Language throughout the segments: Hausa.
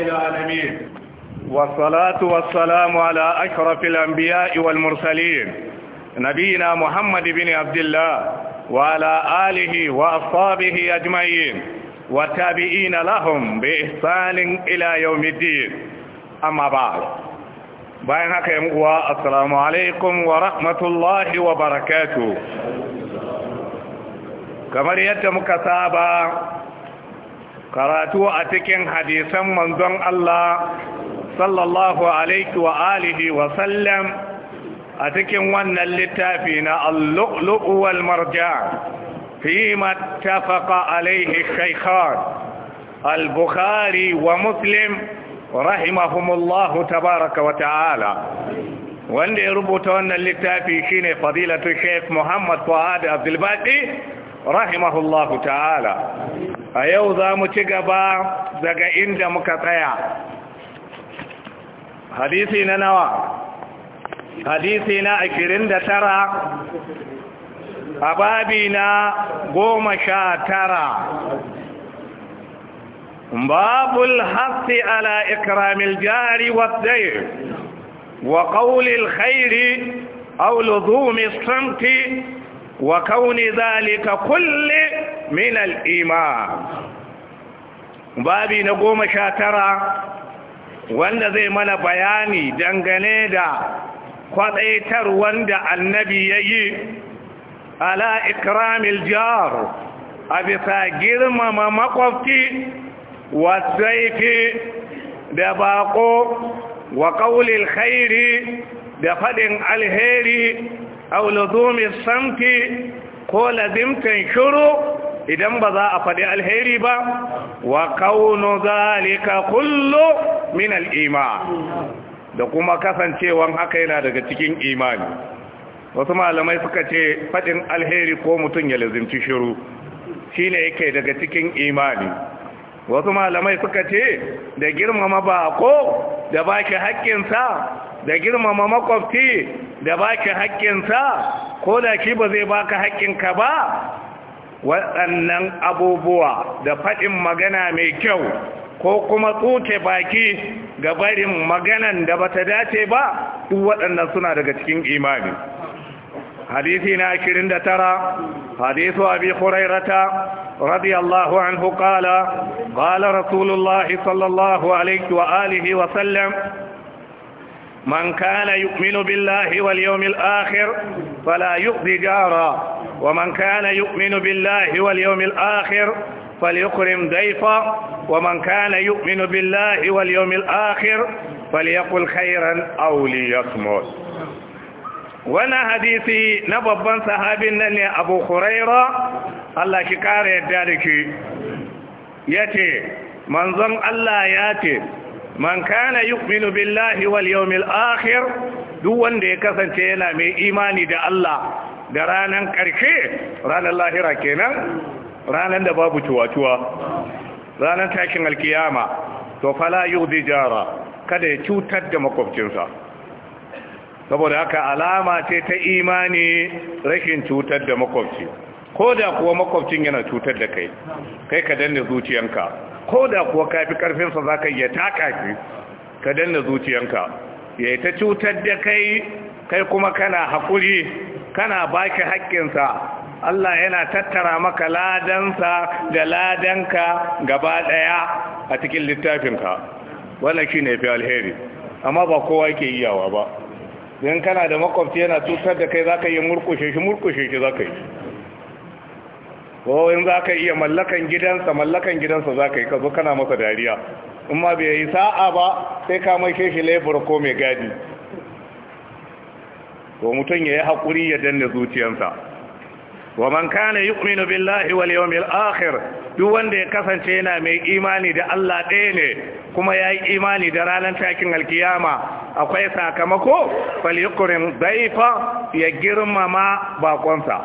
العالمين والصلاة والسلام على أشرف الأنبياء والمرسلين نبينا محمد بن عبد الله وعلى آله وأصحابه أجمعين والتابعين لهم بإحسان إلى يوم الدين أما بعد بين haka السلام عليكم ورحمة الله وبركاته كما wa barakatuh karatu a cikin hadisan manzon Allah sallallahu alaihi wa alihi wa sallam a cikin wannan littafi na al-lu'lu'u wal marjan fi ma tafaqa alaihi shaykhan al-bukhari wa muslim rahimahumullahu tabaraka wa ta'ala wanda ya rubuta wannan littafi shine fadilatu shaykh Muhammad Fuad Abdul Baqi rahimahullahu ta'ala a yau za mu ci gaba daga inda muka tsaya hadisi na nawa hadisi na ashirin da tara a babi na goma sha tara باب الحث على إكرام الجار Wa وقول الخير أو لزوم sunti. wa kauni zalika kulle min al'iman babi na goma sha tara wanda zai mana bayani dangane da kwaɗaitar wanda annabi ya yi ala ikramil jar a bisa girmama makwabci wasaifi da bako wa ƙaulil khairi da faɗin alheri aw luzumi samti ko lazimtan shuru idan ba za a faɗi alheri ba wa kaunu zalika kullu min al-iman da kuma kasancewan haka yana daga cikin imani wasu malamai suka ce faɗin alheri ko mutum ya lazimci shiru shine yake daga cikin imani wasu malamai suka ce da girmama bako da baki haƙƙinsa da girmama makwabci da baki haƙƙinsa ko da shi ba zai baka haƙƙinka ba waɗannan abubuwa da faɗin magana mai kyau ko kuma tsuke baki ga barin maganan da ba ta dace ba duk waɗannan suna daga cikin imani hadisi na 29 hadisu abi hurairata رضي الله عنه قال قال رسول الله صلى الله عليه وآله وسلم من كان يؤمن بالله واليوم الآخر فلا يؤذي جارا ومن كان يؤمن بالله واليوم الآخر فليكرم ضيفا ومن كان يؤمن بالله واليوم الآخر فليقل خيرا أو ليصمت wannan hadisi na babban sahabin nan ne abu huraira Allah ki kara yadda da shi. ya ce manzon Allah ya ce man kana yu'minu billahi wal yawmil akhir duk wanda ya kasance yana mai imani da Allah da ranan karshe ranar lahira kenan ranan da babu tuwatuwa ranan tashin alkiyama to fala yu'di jara kada ya cutar da makwabcinsa saboda haka alama ce ta imani rashin cutar da makwabci ko da kuwa makwabcin yana cutar da kai kai ka danna zuciyanka ko da kuwa ka fi karfinsa za ka iya taka shi ka danna zuciyanka ya ta cutar da kai kai kuma kana haƙuri kana baki haƙƙinsa Allah yana tattara maka ladansa da ladanka gaba ɗaya a cikin littafinka wannan shi ne fi alheri amma ba kowa yake iyawa ba don kana da makwabci yana tutar da kai za ka yi murkushe shi murkushe shi za ka yi ko in za ka iya mallakan gidansa mallakan gidansa za ka yi ka zo kana masa dariya in ma bai yi sa'a ba sai ka mai shi laifar ko mai gadi ko mutum ya yi haƙuri ya danne zuciyansa wa man kana yu'minu billahi wal yawmil akhir duk wanda ya kasance yana mai imani da Allah ɗaya ne kuma ya yi imani da ranar takin alkiyama akwai sakamako falyukurin zaifa ya girmama bakonsa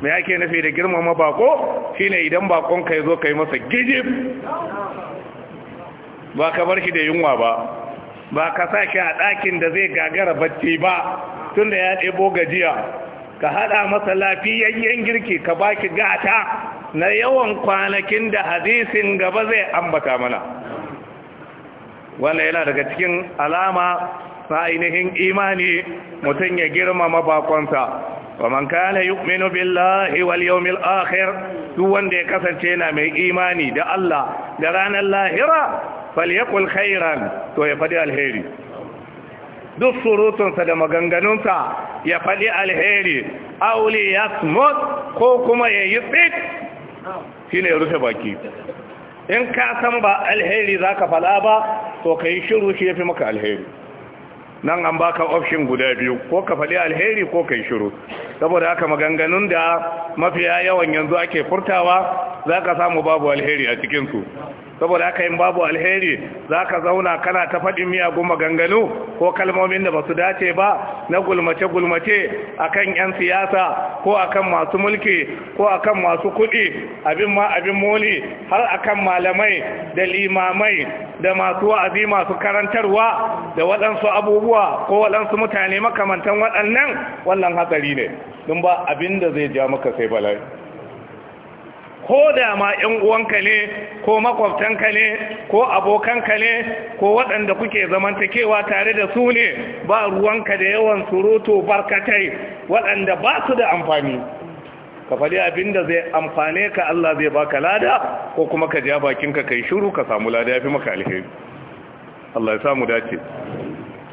mai ake nufi da girmama bako ne idan bakonka ya zo ka yi masa gijib ba ka bar shi da yunwa ba ba ka sa shi a ɗakin da zai gagara bacci ba tun da ya ɗebo gajiya ka haɗa masa lafiyayyen girki ka ba ki gata na yawan kwanakin da hadisin gaba zai ambata mana wannan yana daga cikin alama na ainihin imani mutum ya girmama bakonsa ومن كان يؤمن بالله واليوم الآخر duk wanda ya kasance yana mai imani da Allah da ranar lahira falyakul khairan to ya faɗi alheri duk surutunsa da maganganunsa ya faɗi alheri auli smoth ko kuma ya yi tsit shine ya rufe baki in ka san ba alheri za ka fada ba to ka yi shiru shi ya fi maka alheri nan an ba ka option guda biyu ko ka fadi alheri ko ka yi shiru saboda haka maganganun da mafiya yawan yanzu ake furtawa za ka samu babu alheri a cikinsu. saboda aka yin babu alheri za ka zauna kana ta faɗin miyagun ganganu ko kalmomin da ba su dace ba na gulmace-gulmace a kan 'yan siyasa ko kan masu mulki ko kan masu kuɗi abin ma abin moli har akan malamai da limamai da masu wa'azi masu karantarwa da waɗansu abubuwa ko waɗansu mutane makamantan waɗannan wannan hatsari ne don ba abin da zai ja maka sai bala'i ko da ma ‘yan uwanka ne ko makwabtanka ne ko abokanka ne ko waɗanda kuke zamantakewa tare da su ne ba ruwanka da yawan surutu barkatai waɗanda ba su da amfani ka faɗi abin da zai amfane ka Allah zai baka lada ko kuma ka ja bakinka kai shiru ka samu lada ya fi maka alheri Allah ya samu dace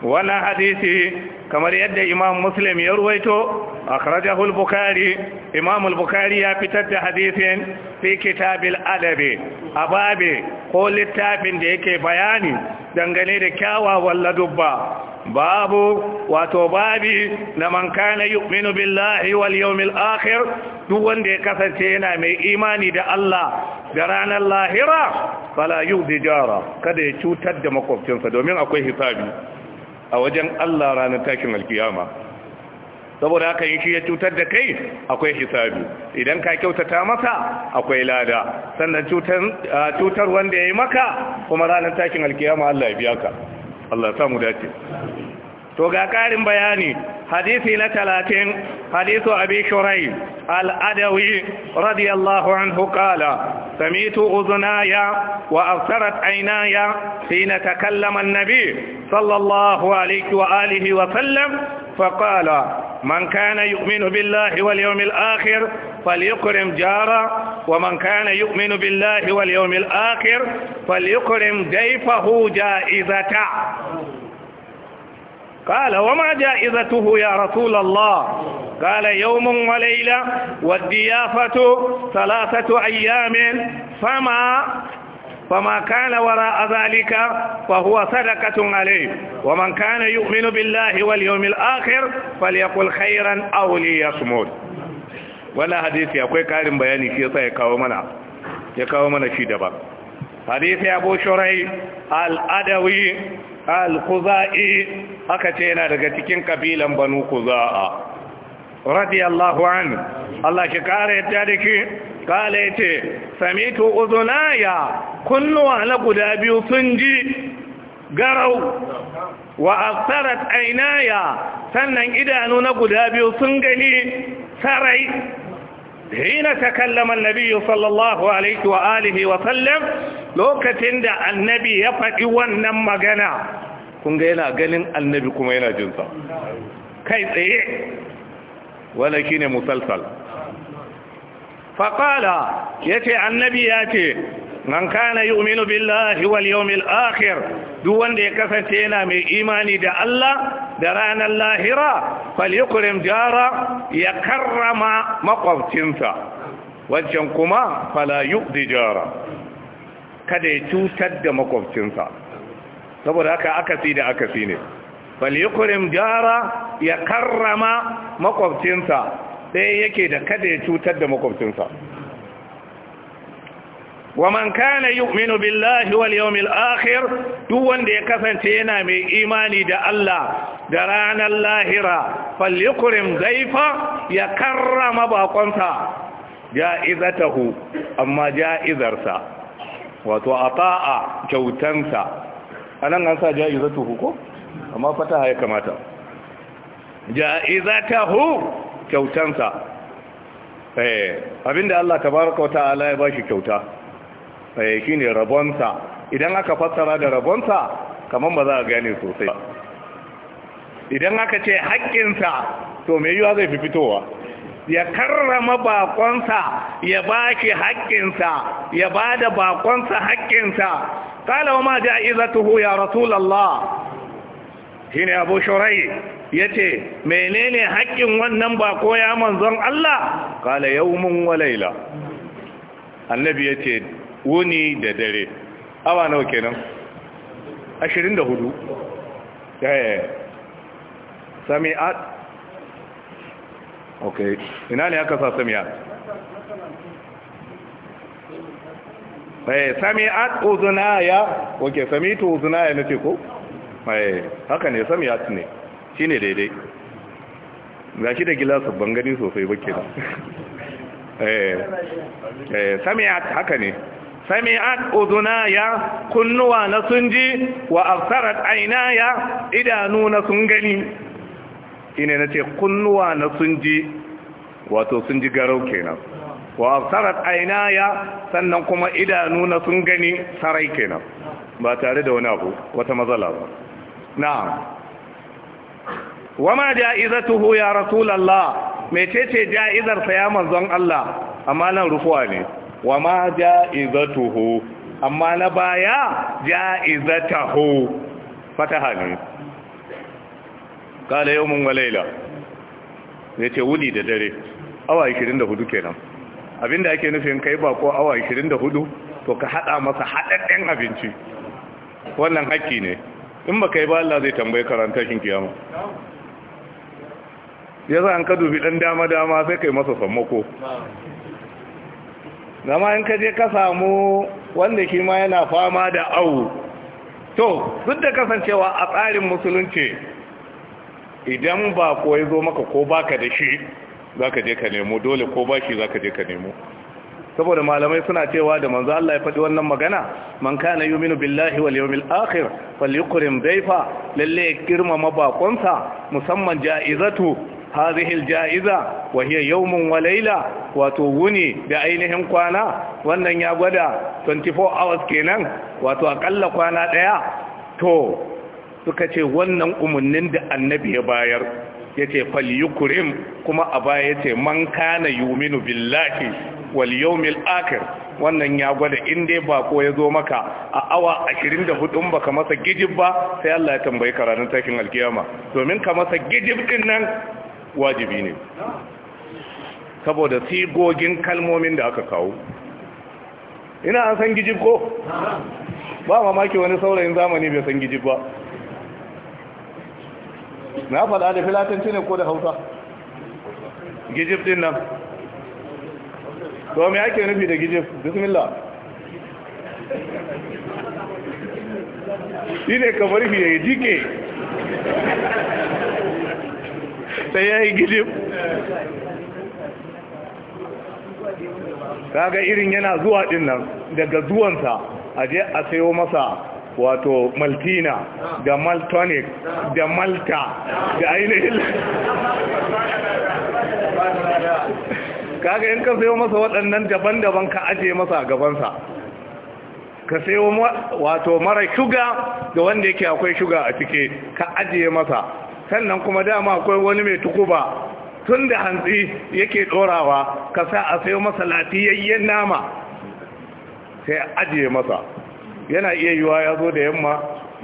wannan hadisi kamar yadda imam muslim ya ruwaito akhrajahu al-bukhari Imamul bukhari ya fitar da hadisin fi kitab al-adabi ababe ko littafin da yake bayani dangane da kyawawan ladubba babu wato babi na man kana yu'minu billahi wal yawmil akhir duk wanda ya kasance yana mai imani da Allah da ranar lahira fala yu'di jara kada ya cutar da makwabcinsa domin akwai hisabi a wajen Allah ranar takin alkiyama saboda haka yin shi ya cutar da kai akwai hisabi idan ka kyautata masa akwai lada sannan cutar wanda ya yi maka kuma ranar takin alkiyama Allah ya biya ka Allah samu dace to ga ƙarin bayani hadisi na talatin hadisu abi shurai al'adawi radiyallahu anhu kala samitu uzunaya wa absarat ainaya hina takallama annabi sallallahu alaihi wa alihi wa sallam فقال من كان يؤمن بالله واليوم الآخر فليكرم جاره ومن كان يؤمن بالله واليوم الآخر فليكرم ضيفه جائزته قال وما جائزته يا رسول الله قال يوم وليلة والضيافة ثلاثة أيام فما فما كان وراء ذلك فهو صدقة عليه ومن كان يؤمن بالله واليوم الآخر فليقل خيرا أو ليصمت ولا حديث يقول كارم بياني كيسا يكاومنا يكاومنا شيدبا حديث أبو شريح الأدوي al-kuza'i aka ce yana daga cikin kabilan banu kuza'a radiyallahu an Allah ki kare yadda da ki kale ce samitu uzunaya kunnuwa na guda biyu sun ji garau wa aksarat ainaya sannan idanu na guda biyu sun gani sarai hina takallama annabi sallallahu alaihi wa wa sallam lokacin da annabi ya faɗi wannan magana kun yana ganin annabi kuma yana jin kai tsaye wala shine musalsal yace annabi yace man kana yu'minu billahi wal yawmil akhir duk wanda ya kasance yana mai imani da Allah da ranar lahira falyukrim jara ya karrama makwabcinsa wancan kuma fala yu'di jara kada ya cutar da makwabcinsa saboda haka akasi da akasi ne falyukrim jara ya karrama makwabcinsa ɗaya yake da kada ya cutar da makwabcinsa wa man kana yu'minu billahi wal ahir, duk wanda ya kasance yana mai imani da Allah da ranar lahira falyukrim daifa ya karrama bakonsa ja'izatahu amma ja'izarsa wato ata'a kyautansa anan an sa ja'izatuhu ko amma fataha ya kamata kyautansa eh, abinda Allah tabaaraka wa ta'ala ya bashi kyauta Eh, shi ne rabonsa idan aka fassara da rabonsa kamar ba za a gane sosai idan aka ce haƙƙinsa to mai yiwuwa zai fi fitowa ya karrama bakonsa ya ba shi haƙƙinsa ya ba da bakonsa haƙƙinsa kala wa ma ja'izatuhu ya rasulallah shi ne abu shurai ya ce menene haƙƙin wannan bako ya manzon Allah kala yaumun wa laila annabi ya ce wuni da dare awa nawa kenan 24 eh sami'at ok ina ne aka sa sami'at eh sami'at ok okay sami'tu ya nace ko eh haka ne sami'at ne ne daidai shi da gilasu ban gani sosai ba kenan eh, eh sami'at haka ne sami'at udunaya kunnuwa na sun ji wa absarat ainaya idanu na sun gani ina ce kunnuwa na sun ji wato sun ji garau kenan wa absarat ainaya sannan kuma idanu na sun gani sarai kenan ba tare da wani abu wata matsala ba na'am wama ja'izatuhu ya rasulullah mecece ja'izar sa ya manzon Allah amma nan rufuwa ne wa ma ja'izatuhu amma na baya ja'izatahu fataha ne kala yawmun walaila ne ce wuni da dare awa 24 kenan abinda ake nufin kai ba ko awa 24 to ka hada masa hadaddan abinci wannan haƙƙi ne in ba kai ba Allah zai tambaye karanta shin kiyama yasa an ka dubi dan dama dama sai kai masa sammako zama in ka je ka samu wanda shi ma yana fama da awu to duk da kasancewa a tsarin musulunci idan ba ko zo maka ko baka da shi za ka je ka nemo dole ko ba shi za ka je ka nemo saboda malamai suna cewa da manzo Allah ya faɗi wannan magana man kana yuminu billahi wal yawmil akhir falyukrim dayfa lalle ya girmama baƙonsa musamman jaizatu hadhihi Ja'iza wa hiya yawmun wa layla wato wuni da ainihin kwana wannan ya gwada 24 hours kenan wato akalla kwana ɗaya? to suka ce wannan umarnin da annabi ya bayar yace falyukrim kuma a baya yace man kana yu'minu billahi wal yawmil akhir wannan ya gwada in dai bako ya zo maka a awa 24 baka masa gijib ba sai Allah ya tambaye ka ranar tashin alkiyama domin ka masa gijib din nan wajibi ne saboda sigogin kalmomin da aka kawo ina an san gijib ko ba mamaki wani saurayin zamani bai san gijib ba na faɗa da filatanci ne ko da hausa gijib din nan to ake nufi da gijib bismillah shi ne kamar fiye jike sai ya yi gijim kaga irin yana zuwa din nan daga zuwansa a je a sayo masa wato maltina da maltonic da malta da ainihin kaga in ka sayo masa waɗannan daban-daban ka aje masa a gabansa ka sayo wato mara shuga da wanda yake akwai shuga a cike ka aje masa sannan kuma dama akwai wani mai tukuba tun da hantsi yake ɗorawa ka sa a sayo masa lafiyayyen nama sai ajiye masa yana iya yiwa ya zo da yamma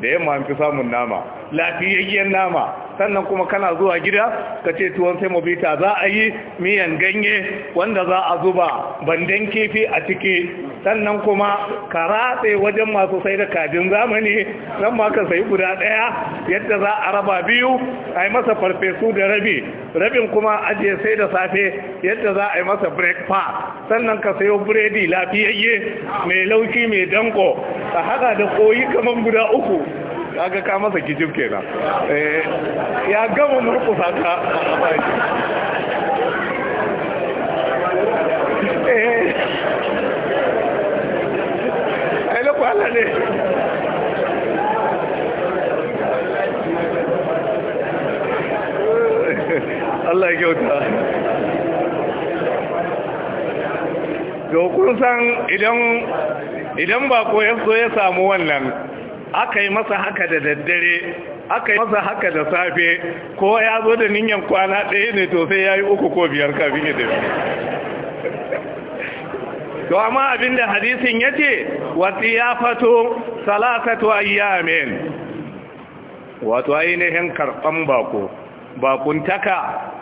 da yamma an fi samun nama lafiyayyen nama sannan kuma kana zuwa gida ka ce tuwon sai mabita za a yi miyan ganye wanda za a zuba bandan kifi a ciki sannan kuma ka ratse wajen masu sai da kajin zamani zan ma ka sai guda ɗaya yadda za a raba biyu a yi masa farfesu da rabi rabin kuma ajiye sai da safe yadda za a yi masa breakfast sannan ka sayo biredi lafiyayye mai laushi mai danko a haka da koyi kamar guda uku kaga ka masa kijib kenan eh, ya gama murkusa ka a eh. wala Allah ya kyauta san idan idan bako ya so ya samu wannan aka yi masa haka da daddare aka yi masa haka da safe ko ya zo da ninyan kwana ɗaya ne to sai ya yi uku ko biyar kafin ya tafi to amma abinda hadisin yace wa tiyafatu salasatu ayyamin wato ainihin karban bako taka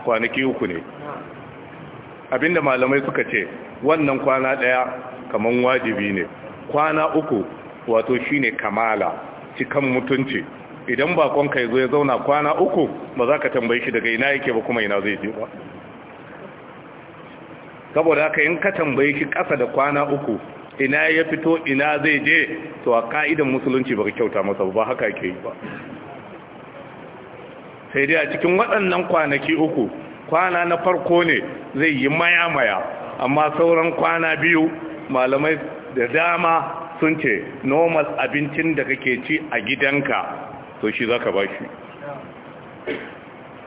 kwanaki uku ne abinda malamai suka ce wannan kwana daya kaman wajibi ne kwana uku wato shine kamala cikan mutunci idan bakonka ya zo ya zauna kwana uku ba za ka tambaye shi daga ina yake ba kuma ina zai je ba saboda haka in ka tambayi ki ƙasa da kwana uku ina ya fito ina zai je to a ka'idan musulunci ba kyauta masa ba haka ke yi ba sai dai a cikin waɗannan kwanaki uku kwana na farko ne zai yi maya-maya amma sauran kwana biyu malamai da dama sun ce normal abincin da kake ci a gidanka to shi zaka ba shi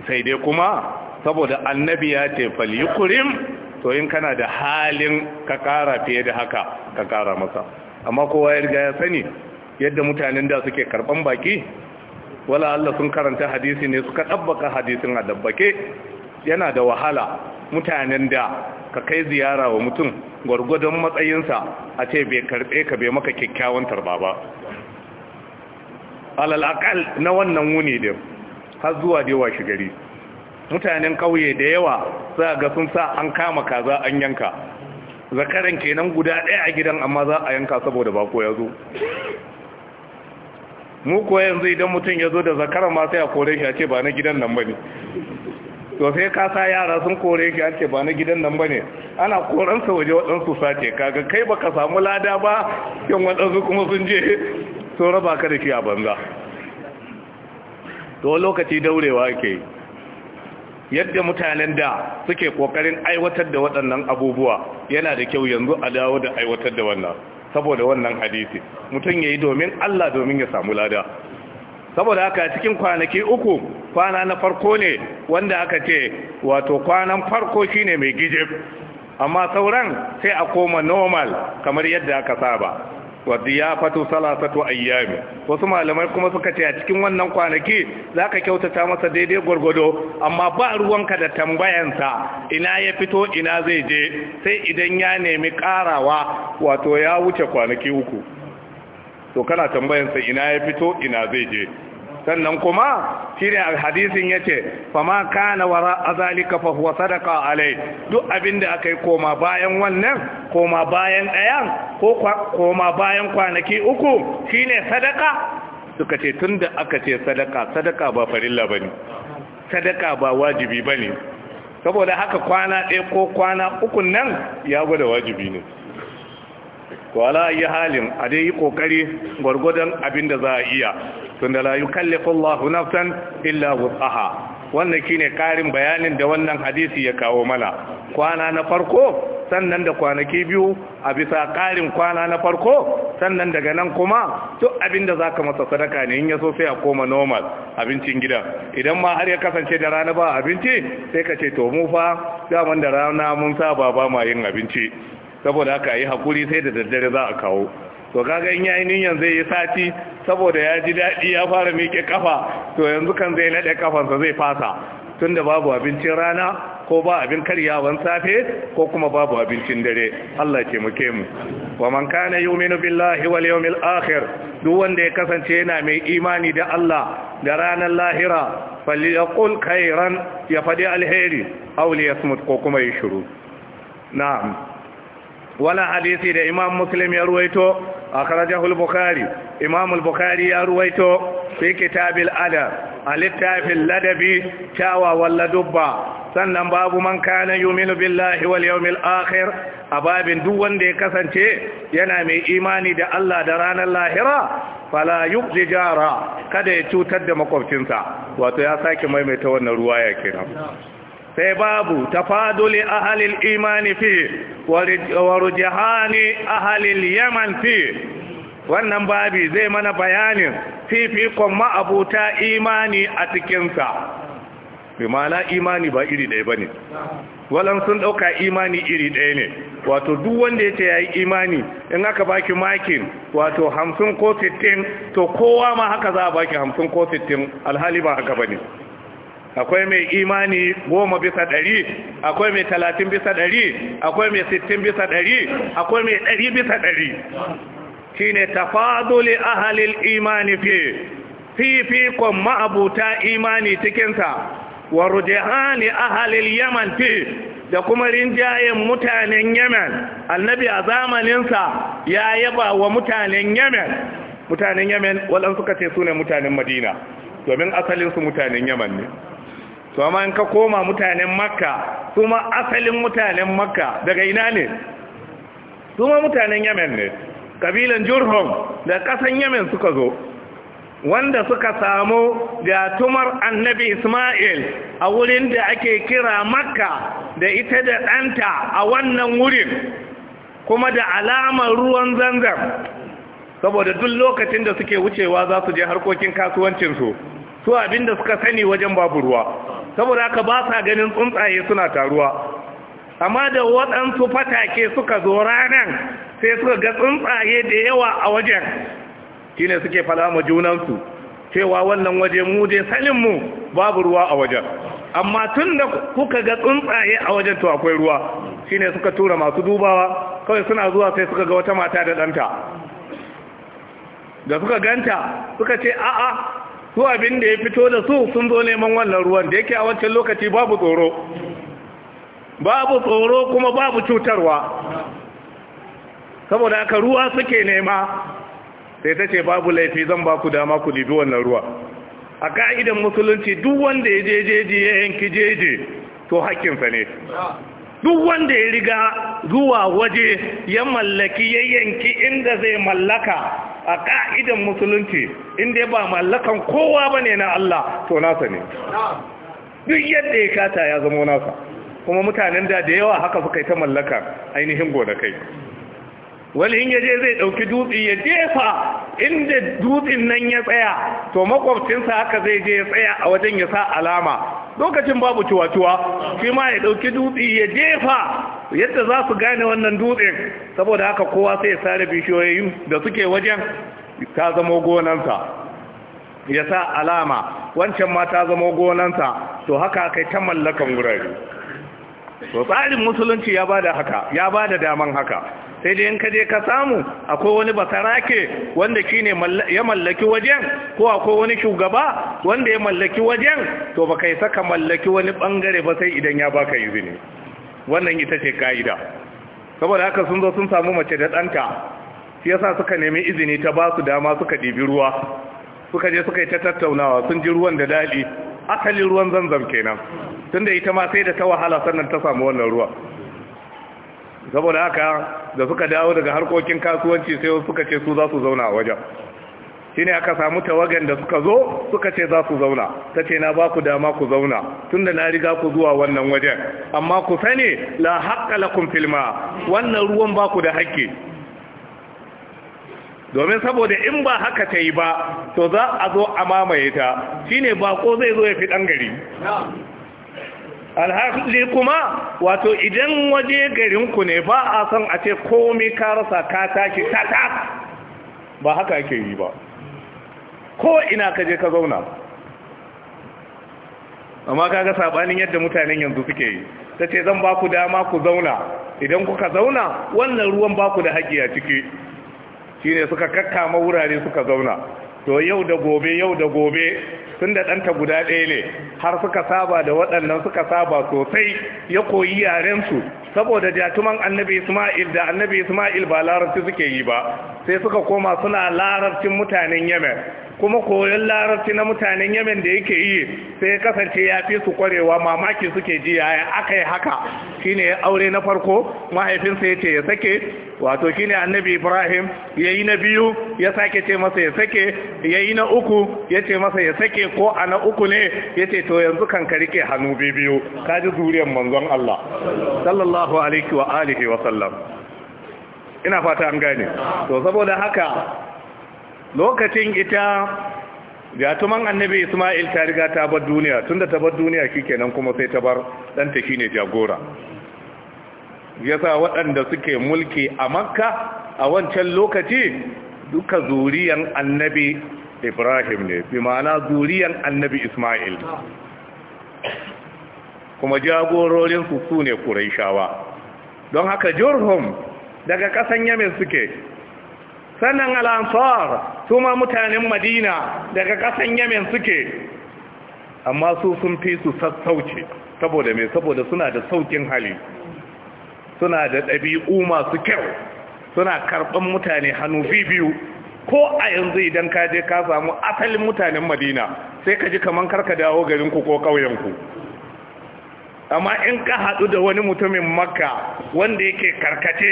sai dai kuma saboda annabi ya ce falikurim to in kana da halin ka kara fiye da haka ka kara masa amma kowa ya riga ya sani yadda mutanen da suke karban baki wala Allah sun karanta hadisi ne suka dabbaka hadisin a dabbake yana da wahala mutanen da ka kai ziyara wa mutum gwargwadon matsayinsa a ce bai karbe ka bai maka kyakkyawan tarba ba alal aqal na wannan wuni din har zuwa dai washi gari mutanen kauye da yawa za ga sun sa an kama kaza an yanka zakaran kenan guda ɗaya a gidan amma za a yanka saboda bako ya zo mu ko yanzu idan mutum ya zo da zakaran ma sai a kore shi a ce ba na gidan nan ba ne to sai ka sa yara sun kore shi a ce ba na gidan nan ba ne ana koransa waje waɗansu sace kaga kai ba ka samu lada ba yan waɗansu kuma sun je sun raba ka da shi a banza to lokaci daurewa ke yi yadda mutanen da suke kokarin aiwatar da waɗannan abubuwa yana da kyau yanzu a dawo da aiwatar da wannan saboda wannan hadisi mutum ya yi domin Allah domin ya samu lada saboda haka cikin kwanaki uku kwana na farko ne wanda aka ce wato kwanan farko shine mai gijib amma sauran sai a koma normal kamar yadda aka saba wa diyafatu salasatu ayyami wasu malamai kuma suka ce a cikin wannan kwanaki Za ka kyautata masa daidai gwargwado? amma ba ruwanka da tambayansa ina ya fito ina zai je sai idan ya nemi karawa wato ya wuce kwanaki uku to kana tambayansa ina ya fito ina zai je sannan kuma shi shine hadisin ce fama kana wara azali fa huwa sadaqa alai duk abinda akai koma bayan wannan koma bayan ɗayan ko koma bayan kwanaki uku shine sadaka suka ce tunda aka ce sadaka sadaka ba farilla bane sadaka ba wajibi bane saboda haka kwana ɗaya ko kwana uku nan ya gwada wajibi ne wala yi halin a dai yi kokari gwargwadon abin da za a iya tunda la yukallifu Allahu nafsan illa wus'aha wannan shine karin bayanin da wannan hadisi ya kawo mana kwana na farko sannan da kwanaki biyu a bisa karin kwana na farko sannan daga nan kuma duk abinda da zaka masa sadaka ne in ya so sai a koma normal abincin gida idan ma har ya kasance da rana ba abinci sai ka ce to mu fa daman da rana mun saba ba ma yin abinci saboda haka yi hakuri sai da daddare za a kawo to kaga in yayi niyan zai yi sati saboda ya ji daɗi ya fara miƙe kafa to yanzu kan zai naɗe kafansa zai fasa tunda babu abincin rana ko ba abin karyawan safe ko kuma babu abincin dare Allah ke muke mu wa man kana yu'minu billahi wal yawmil akhir duk wanda ya kasance yana mai imani da Allah da ranar lahira falyaqul khairan ya fadi alheri aw liyasmut ko kuma ya shiru na'am wala hadisi da imam muslim ya ruwaito akhrajahu al-bukhari imam bukhari ya ruwaito fi kitab al-adab a littafin ladabi kyawawan walla dubba sannan babu man kana yuminu billahi wal yawmil akhir ababin duk wanda ya kasance yana mai imani da Allah da ranar lahira fala yuqzi jara kada ya cutar da makwabcinsa wato ya sake maimaita wannan ruwaya kenan sai babu tafaduli ahalil imani fi wa rujihani ahalil yaman fi wannan babi zai mana bayanin fifikon ma'abuta imani a cikinsa bimala imani ba iri ɗaya ba ne walan sun ɗauka imani iri ɗaya ne wato duk wanda ya ce ya yi imani in aka baki makin wato hamsin ko sittin to kowa ma haka za a baki hamsin ko sittin alhali ba haka ba ne akwai mai imani goma bisa ɗari akwai mai talatin bisa ɗari akwai mai sittin bisa ɗari akwai mai ɗari bisa ɗari shi ne a ahalil imani fi fifikon ma'abuta imani cikinsa wa a ahalil yaman fi da kuma rinjayen mutanen yaman annabi a zamaninsa ya yaba wa mutanen yaman mutanen yaman waɗansu ka ce su ne mutanen madina domin asalinsu mutanen yaman ne to amma in ka koma mutanen makka kuma asalin mutanen makka daga ina ne kuma mutanen yamen ne kabilan jurhum da kasan yamen suka zo wanda suka samu tumar annabi isma'il a wurin da ake kira makka da ita da ɗanta a wannan wurin kuma da alamar ruwan zanzan saboda duk lokacin da suke wucewa za su je harkokin kasuwancinsu su abinda suka sani wajen babu ruwa saboda aka ba sa ganin tsuntsaye suna taruwa amma da waɗansu fatake suka zo ranar sai suka ga tsuntsaye da yawa a wajen Shi ne suke fada ma junansu cewa wannan waje mu je salinmu babu ruwa a wajen amma tun da kuka ga tsuntsaye a wajen to akwai ruwa Shi ne suka tura masu dubawa kawai suna zuwa sai suka ga wata mata da ɗanta da suka ganta suka ce a'a su abin da ya fito da su sun zo neman wannan ruwan da yake a wancan lokaci babu tsoro babu tsoro kuma babu cutarwa saboda aka ruwa suke nema sai ta ce babu laifi zan ba ku dama ku dibi wannan ruwa a ka'idan musulunci duk wanda ya jejeje ya yanki jeje to hakkinsa ne duk wanda ya riga zuwa waje ya mallaki ya yanki inda zai mallaka a ƙa'idan musulunci inda ba mallakan kowa bane na Allah to nasa ne duk yadda ya kata ya zama nasa kuma mutanen da da yawa haka suka yi ta mallaka ainihin gonakai wani in yaje zai dauki dutse ya jefa inda dutsen nan ya tsaya to makwabcinsa haka zai je ya tsaya a wajen ya sa alama lokacin babu cuwa-cuwa shi ma ya dauki dutsi ya jefa yadda za su gane wannan dutsen saboda haka kowa sai ya sare bishiyoyin da suke wajen ta zama gonansa ya sa alama wancan ma ta zama gonansa to haka kai ta mallakan wurare to tsarin musulunci ya bada haka ya bada daman haka sai dai in ka je ka samu akwai wani basarake wanda ne ya mallaki wajen ko akwai wani shugaba wanda ya mallaki wajen to baka yi saka mallaki wani bangare ba sai idan ya baka izini wannan ita ce ka'ida saboda haka sun zo sun samu mace da ɗanta shi yasa suka nemi izini ta ba su dama suka ɗibi ruwa suka je suka yi ta tattaunawa sun ji ruwan da daɗi asalin ruwan zanzam kenan tunda ita ma sai da ta wahala sannan ta samu wannan ruwa saboda haka da suka dawo daga harkokin kasuwanci sai suka ce su za su zauna a wajen ne aka samu tawagan da suka zo suka ce za su zauna ta ce na ba ku dama ku zauna Tun da na riga ku zuwa wannan wajen amma ku sani la haƙƙa lakum filma wannan ruwan ba ku da haƙƙi domin saboda in ba haka ta yi ba to za a zo a mamaye ta shine ko zai zo ya fi ɗan gari alhali kuma wato idan waje garinku ne ba a san a ce komai ka rasa ka taki ta ta ba haka ke yi ba ko ina ka je ka zauna amma kaga sabanin yadda mutanen yanzu suke yi ta ce zan ba ku dama ku zauna idan kuka zauna wannan ruwan ba ku da haƙi a ciki ne suka kakka wurare suka zauna to yau da gobe yau da gobe tun da ɗanta guda ɗaya ne har suka saba da waɗannan suka saba sosai ya koyi yarensu saboda jatuman annabi ismail da annabi ismail ba larabci suke yi ba sai suka koma suna larabcin mutanen yamen. kuma koyon larabci na mutanen yamen da yake yi sai ya kasance ya fi su kwarewa mamaki suke ji yaya aka yi haka shine ya aure na farko mahaifinsa ya ce ya sake wato ne annabi ibrahim ya yi na biyu ya sake ce masa ya sake ya yi na uku ya ce masa ya sake ko a na uku ne ya ce to yanzu kan ka rike hannu biyu ka ji zuriyar manzon allah sallallahu alaihi wa alihi wa sallam ina fata an gane to saboda haka lokacin ita tuman annabi Ismail ta riga ta bar duniya tunda ta bar duniya shikenan kuma sai ta bar ta shine jagora yasa waɗanda suke mulki a Makka a wancan lokaci duka zuriyan annabi Ibrahim ne bi ma'ana zuriyan annabi Ismail kuma jagororin su ne Quraishawa don haka Jurhum daga kasan Yemen suke sannan al-Ansar su ma mutanen madina daga kasan yamen suke amma su sun fi su sassauce saboda mai saboda suna da saukin hali suna da ɗabi'u masu kyau suna karɓan mutane hannu biyu ko a yanzu idan ka je ka samu asalin mutanen madina sai ka ji kamar karka dawo garinku ko ƙauyenku amma in ka haɗu da wani mutumin makka wanda yake karkace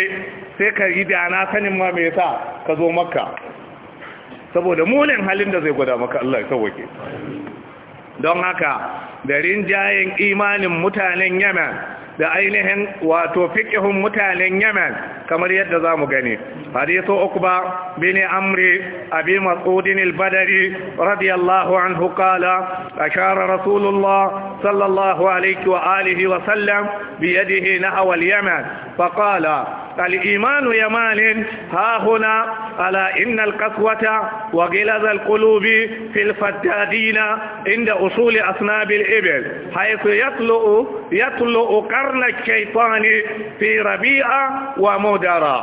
sai ka yi da na sanin ma mai sa ka zo makka saboda munin halin da zai gwada maka Allah ya sauwake don haka da rinjayen imanin mutanen Yemen da ainihin wato fiƙihun mutanen Yemen. kamar yadda za mu gani hadisu ukba bin amri abi mas'udin al-badri radiyallahu anhu qala ashara rasulullah sallallahu alayhi wa alihi wa sallam bi yadihi nahwa al-yaman faqala الإيمان يمان ها هنا على إن القسوة وغلظ القلوب في الفتادين عند أصول أصناب الإبل حيث يطلع يطلع قرن الشيطان في ربيع وموسى mudara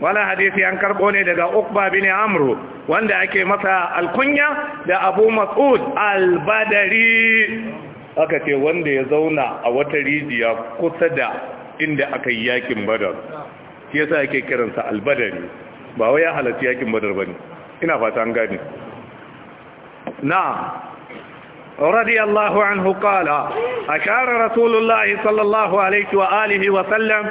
wala hadisi an karbo ne daga ukba bin amru wanda ake masa alkunya da abu mas'ud albadari. aka ce wanda ya zauna a wata rijiya kusa da inda aka yi yakin badar shi yasa ake kiransa albadari. badari ba wai ya halarci yakin badar ne, ina fata an gane na رضي الله عنه قال أشار رسول الله صلى الله عليه وآله وسلم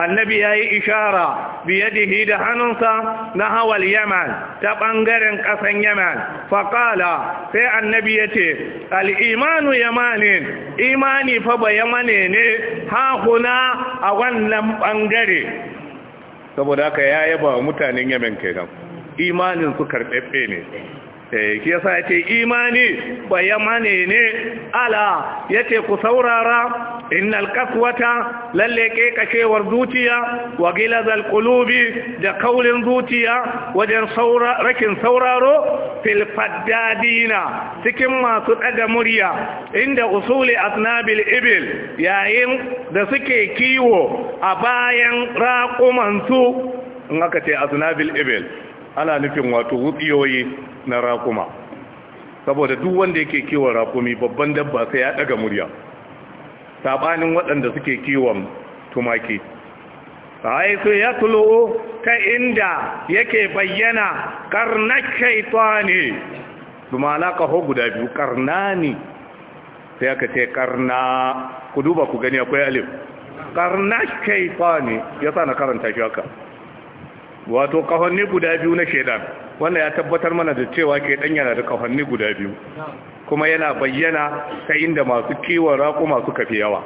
annabi ya yi ishara biyadihi da hannunsa na hawal yaman ta ɓangaren ƙasan yaman faƙala sai annabi ya ce al'imanu yamanin imani fa ba yamane ne hakuna a wannan ɓangare saboda haka ya yaba wa mutanen yamen kenan imanin su karɓeɓɓe ne eh ki yasa ce imani ba yamane ne ala ya ce ku saurara innal kaswata lalle ke kashewar zuciya wa gilazal qulubi da kaulin zuciya wajen saura rakin sauraro fil faddadina cikin masu daga murya inda usuli asnabil ibil yayin da suke kiwo a bayan raquman su in aka ce asnabil ibil ana nufin wato wutsiyoyi na raƙuma saboda duk wanda yake kiwon raƙumi babban dabba sai ya ɗaga murya sabanin waɗanda suke kiwon tumaki su ya tulo ta inda yake bayyana karnar shaitani dumala kaho guda biyu ƙarna ne sai aka ce karna ku duba ku gani akwai alif karna shaitani ya sa na karanta shi haka wato kahonni guda biyu na shaidan wannan ya tabbatar mana da cewa ke dan yana da kahonni guda biyu kuma yana bayyana ta inda masu kiwon raƙuma suka fi yawa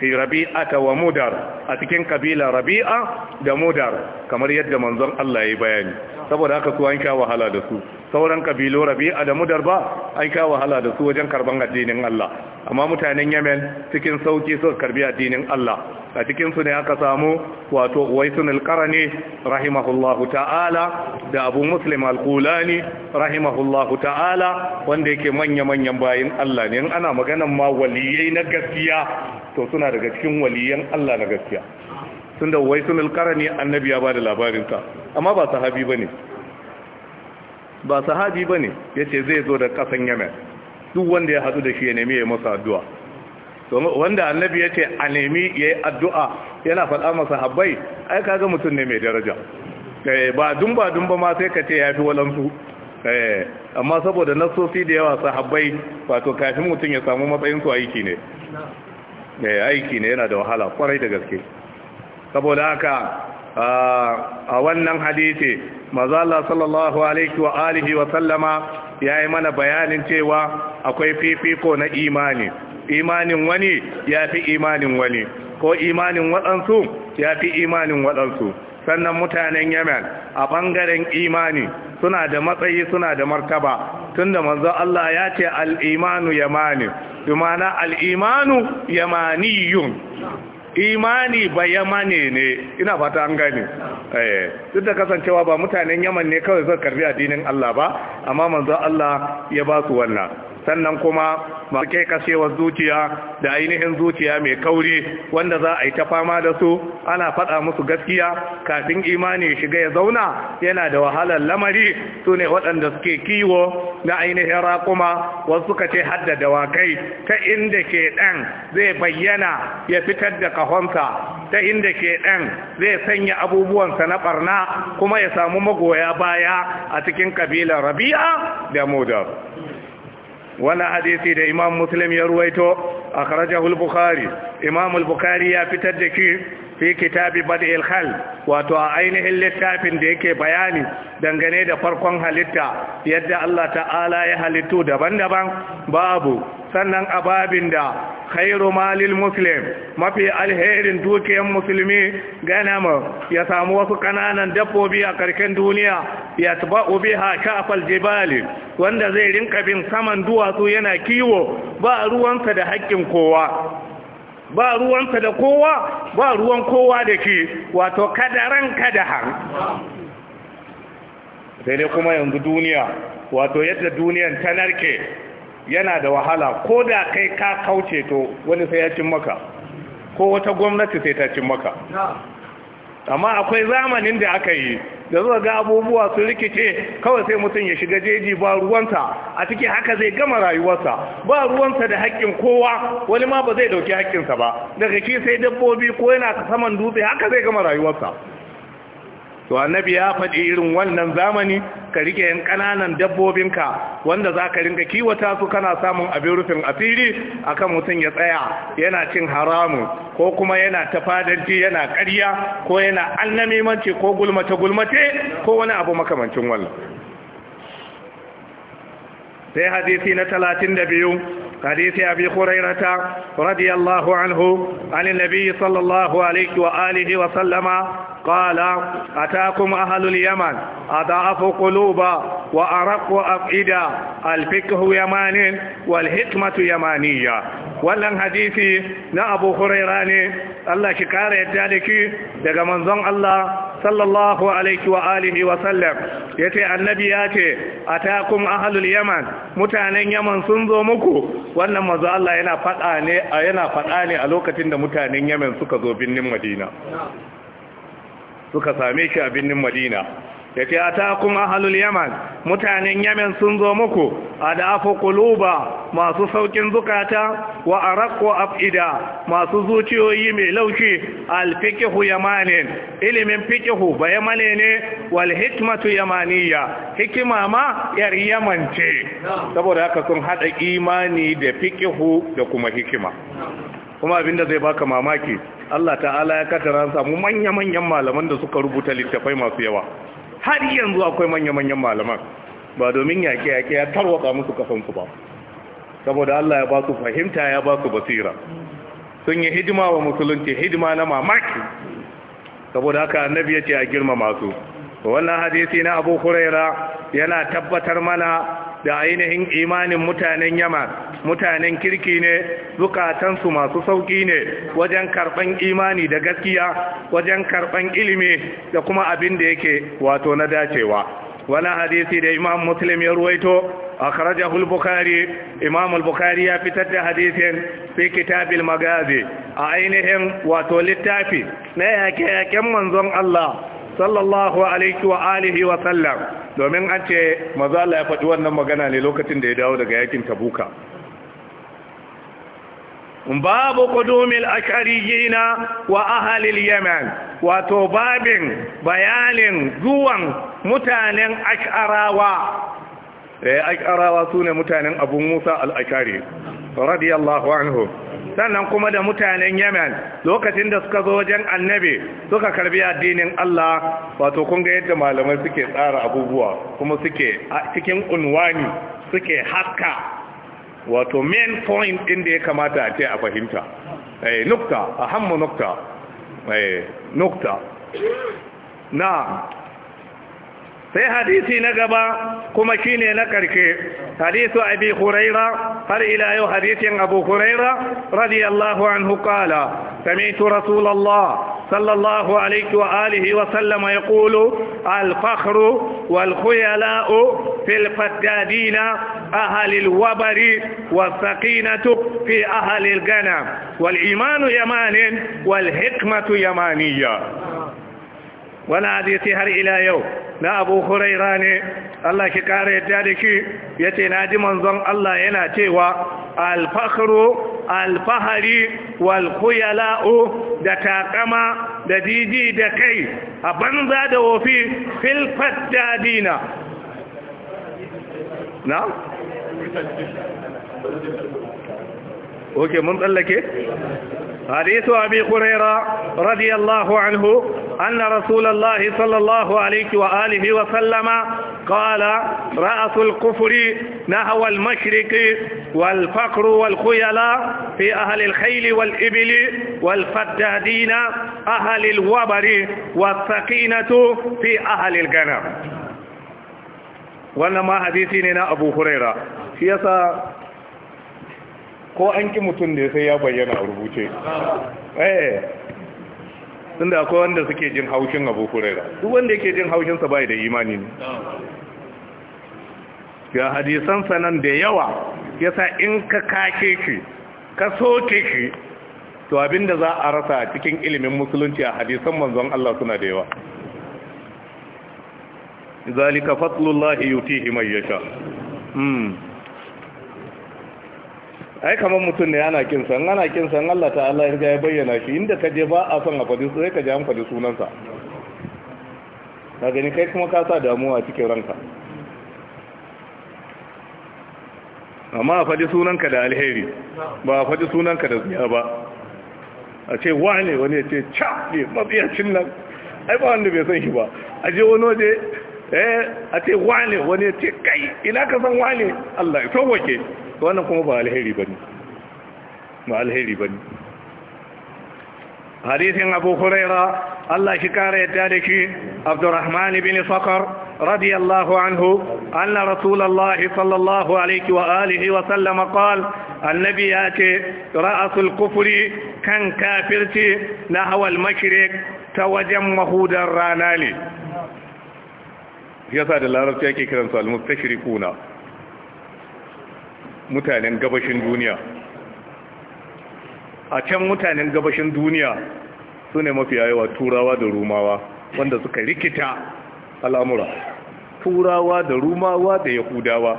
fi rabi'ata wa mudar a cikin kabila rabi'a da mudar kamar yadda manzon Allah ya bayani saboda haka su an sha wahala da su sauran kabilu a da ba an sha wahala da su wajen karban addinin Allah amma mutanen Yemen cikin sauki suka karbi addinin Allah a cikinsu su ne aka samu wato Uwaisun al rahimahullahu ta'ala da Abu Muslim alkulani rahimahullahu ta'ala wanda yake manya-manyan bayin Allah ne in ana maganan ma waliyai na gaskiya to suna daga cikin waliyan Allah na gaskiya wai waisun alqarani annabi ya bada labarin amma ba sahabi bane ba sahabi bane yace zai zo da kasan yamen, duk wanda ya hadu da shi ya nemi ya masa addu'a wanda annabi yace a nemi yayi addu'a yana faɗa masa habbai ai kaga mutum ne mai daraja eh ba dun ba ma sai ka ce yafi walansu eh amma saboda nasosi da yawa sahabbai wato kafin mutum ya samu matsayin su aiki ne eh, aiki ne yana da wahala kwarai da gaske saboda haka a wannan hadisi mazala sallallahu alaihi wa alihi wa sallama ya yi mana bayanin cewa akwai fifiko na imani imanin wani ya fi imanin wani ko imanin waɗansu ya fi imanin waɗansu sannan mutanen yamen a ɓangaren imani suna da matsayi suna da martaba tun da manzo Allah ya ce al'imanu yamani al al'imanu yamaniyun imani ba yamane ne ina fata an gane eh, duk da kasancewa ba mutanen yaman ne kawai zai karbi addinin Allah ba amma manzo Allah ya ba su wannan sannan kuma masu kai kashewar zuciya da ainihin zuciya mai kauri wanda za a yi ta fama da su ana faɗa musu gaskiya kafin imani shiga ya zauna yana da wahalar lamari su ne waɗanda suke kiwo na ainihin raƙuma wasu suka ce hadda dawakai ta inda ke ɗan zai bayyana ya fitar da kahonsa ta inda ke ɗan zai sanya abubuwansa na ɓarna kuma ya samu magoya baya a cikin ƙabilar rabi'a da mudar wannan hadisi da imam muslim ya ruwaito a karajahul bukhari imam bukhari ya fitar da ki fi kitabi ilhal, wato a ainihin littafin da yake bayani dangane da farkon halitta yadda Allah ta'ala ya halittu daban-daban babu sannan ababin da khairu malil muslim mafi alherin dukiyar musulmi ganama ya samu wasu kananan dabbobi a karken duniya ya taba biha shafal jibali wanda zai rinka bin saman duwatsu yana kiwo ba ruwansa da haƙƙin kowa ba ruwansa da kowa ba ruwan kowa da ke wato kadaran kadahan sai dai kuma yanzu duniya wato yadda duniyan ta narke yana da wahala ko da kai ka kauce to wani sai ya cin maka ko wata gwamnati sai ta cin maka amma akwai zamanin da aka yi da zuwa ga abubuwa su rikice kawai sai mutum ya shiga jeji ba ruwansa a ciki haka zai gama rayuwarsa ba ruwansa da haƙƙin kowa wani ma ba zai ɗauki haƙƙinsa ba daga ki sai dabbobi ko yana saman dutse haka zai gama rayuwarsa to annabi ya faɗi irin wannan zamani ka rike yan ƙananan dabbobinka wanda za ka rinka kiwata su kana samun abin rufin asiri akan mutum ya tsaya yana cin haramu ko kuma yana tafadanci yana ƙarya ko yana annamimanci ko gulmace-gulmace ko wani abu makamancin wannan. sai hadisi na talatin da biyu حديث أبي هريرة رضي الله عنه عن النبي صلى الله عليه وآله وسلم قال أتاكم أهل اليمن أضعف قلوبا وأرق أفئدة الفقه يمان والحكمة يمانية wannan hadisi na abu huraira ne Allah ki kara yadda da ki daga manzon Allah sallallahu alaihi wa alihi wa sallam yace annabi yace ce atakum ahlul yaman mutanen yaman sun zo muku wannan manzo Allah yana fada ne yana fada ne a lokacin da mutanen yaman suka zo binnin madina suka same shi a binnin madina ya ce a takun ahalul yaman mutanen yamen sun zo muku a da afi masu saukin zukata wa a rakko afida masu zuciyoyi mai laushi alfikihu yamanin ilimin fikihu ba yamane ne wal hikmatu yamaniya hikima ma yar yaman ce saboda haka sun hada imani da fikihu da kuma hikima kuma abinda zai baka mamaki Allah ta'ala ya katara samu manya-manyan malaman da suka rubuta littafai masu yawa har yanzu akwai manya-manyan malaman ba domin yaƙe-yaƙe ya tarwaka musu kasansu ba saboda Allah ya ba su fahimta ya ba su basira sun yi hidima wa musulunci hidima na mamaki saboda haka annabi ya ce a girmama masu wannan hadisi na abu huraira yana tabbatar mana da ainihin imanin mutanen yama mutanen kirki ne zukatansu masu sauki ne wajen karban imani da gaskiya wajen karban ilimi da kuma abin da yake wato na dacewa wani hadisi da imam muslim ya ruwaito akhrajahu al-bukhari imam al-bukhari ya fitar da hadisin fi kitab al-magazi a ainihin wato littafi na yake yaken manzon Allah sallallahu alaihi wa alihi wa sallam domin an ce mazala ya faɗi wannan magana ne lokacin da ya dawo daga yakin tabuka babu kudumil ashariyina wa ahalil yaman wato babin bayanin zuwan mutanen asharawa eh, asharawa su ne mutanen abu musa al'ashari radiyallahu anhu sannan kuma da mutanen yemen lokacin da suka zo wajen annabi suka karbi addinin allah wato kun ga yadda malamai suke tsara abubuwa kuma suke cikin unwani suke haska wato main point din da ya kamata a ce a fahimta eh nukta ahammu nukta eh nukta na sai hadisi na gaba kuma shine na karke hadisu abi huraira har ila yau hadisin abu huraira radiyallahu anhu qala sami'tu rasulullah sallallahu alaihi wa alihi wa sallam yaqulu al-fakhru wal khuyala'u fil faddadina ahli al-wabari was-sakinatu fi ahli al-ghanam wal imanu yamanin wal hikmatu yamaniyya wani hadisi har ila yau na abu huraira ne Allah ki kara yadda da shi ya ce na ji manzon Allah yana cewa alfahru alfahari walkuyala'u da takama da jiji da kai a banza da wofi filfat dadina na? ok mun tsallake? حديث أبي هريرة رضي الله عنه أن رسول الله صلى الله عليه وآله وسلم قال رأس الكفر نحو المشرق والفقر والخيلاء في أهل الخيل والإبل والفدادين أهل الوبر والسكينة في أهل الغنم وانما حديثنا أبو خريرة هي abu ko an ki mutum ne sai ya bayyana a rubuce eh tunda akwai wanda suke jin haushin Abu duk wanda yake jin haushin sa bai da imani ne ya hadisan sanan da yawa yasa in ka kake shi ka soke shi to abinda za a rasa cikin ilimin musulunci a hadisan manzon Allah suna da yawa zalika fadlullahi yutihi man yasha hmm. ai kamar mutum ne ana kin san ana kin san Allah ta'ala ya ya bayyana shi inda ka je ba a son a faɗi sai ka ji an faɗi sunansa ka gani kai kuma ka sa damuwa cikin ranka amma a faɗi sunanka da alheri ba a faɗi sunanka da zuya ba a ce wane wani ya ce ne mabiyacin nan ai ba wanda bai san shi ba a je wani waje eh a ce wane wani ya ce kai ina ka san wane Allah ya sauwake wannan kuma ba alheri ba ne ba alheri ba ne Hadithin abu huraira Allah shi kare yadda da shi abdurrahman bin sakar radiyallahu anhu anna rasulullah sallallahu alaihi wa alihi wa sallama qal annabi ya ce ra'asul kufri kan kafirci na hawal mashrik ta wajen mahudar rana ne yasa da larabci yake kiransu al-mustashriquna mutanen gabashin duniya a can mutanen gabashin duniya su ne mafiya yawa turawa da rumawa wanda suka rikita al'amura turawa da rumawa da yahudawa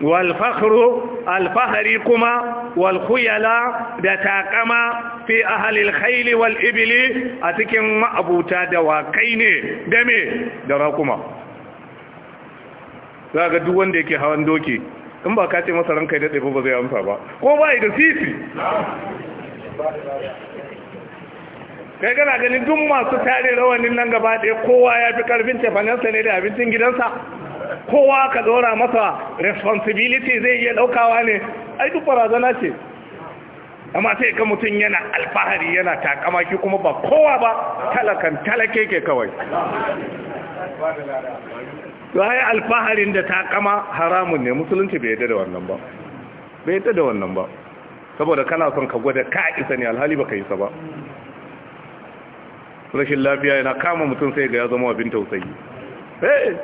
walfahari alfahari kuma walkhuyala da takama fi ahalil khaili wal ibili a cikin ma'abuta da wakai ne da me da rakuma za ga duk wanda yake hawan doki in ba ka ce masa ranka dade ba ba zai amsa ba ko ba da sisi kai gana ganin duk masu tare rawanin nan gaba ɗaya kowa ya fi ƙarfin cefanensa ne da abincin gidansa kowa ka ɗora masa responsibility zai iya ɗaukawa ne ai duk barazana ce amma sai ka mutum yana alfahari yana takamaki kuma ba kowa ba talakan talake ke kawai to ai alfaharin da ta kama haramun ne musulunci bai yadda da wannan ba bai yadda da wannan ba saboda kana son ka gwada ka isa ne alhali baka isa ba rashin lafiya yana kama mutum sai ga ya zama abin tausayi eh!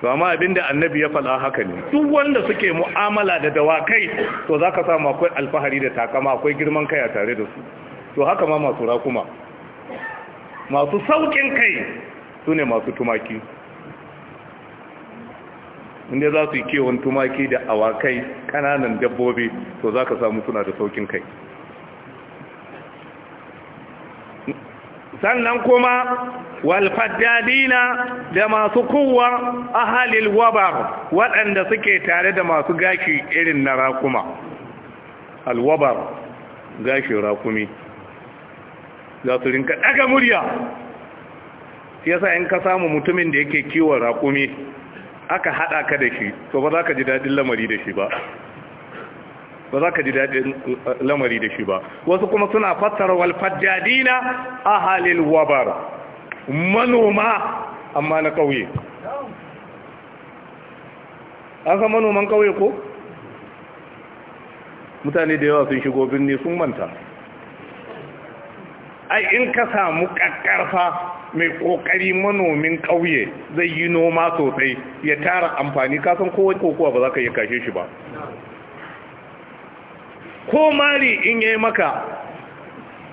to amma abinda annabi ya faɗa haka ne duk wanda suke mu'amala da dawakai to zaka samu akwai alfahari da takama akwai girman kai a tare da su to haka ma masu rakuma masu saukin kai su ne masu tumaki inda za su yi kewon tumaki da awakai kananan dabbobi to za ka samu suna da saukin kai sannan kuma walfaddadina da masu kowa a halil wabar waɗanda suke tare da masu gashi irin na rakuma alwabar gashin rakumi za su rinka daga murya yasa in ka samu mutumin da yake kiwon raƙumi aka haɗa ka da shi to ba za ka ji daɗin lamari da shi ba ba za ka ji daɗin eh, lamari da shi ba wasu kuma suna fassara walfajjadina a halin wabar manoma amma na ƙauye an san manoman ƙauye ko mutane da yawa sun shigo birni sun manta ai in ka samu ƙaƙƙarfa mai ƙoƙari manomin ƙauye zai yi noma sosai ya tara amfani kasan kowai kokowa ba za ka iya kashe shi ba ko mari in yi maka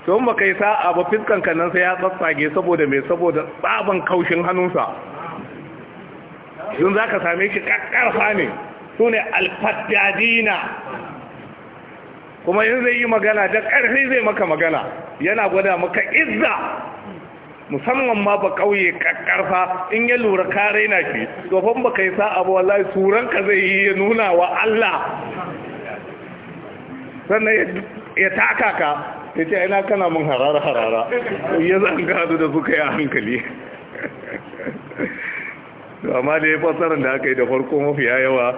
to ba kai sa'a ba fiskan kanan sai ya tsatsage saboda mai saboda tsaban kaushin hannunsa don za ka same shi ƙaƙƙarfa ne su ne alfaddadina kuma yin zai yi magana da ƙarfi zai maka magana yana gwada maka izza musamman ma ba kauye karfa in ya lura ka raina shi to fa ba kai sa abu wallahi suran zai yi ya nuna wa Allah sannan ya taka ka ya ce ina kana mun harara harara ya zanga da suka yi a hankali amma da ya da aka yi da farko mafiya yawa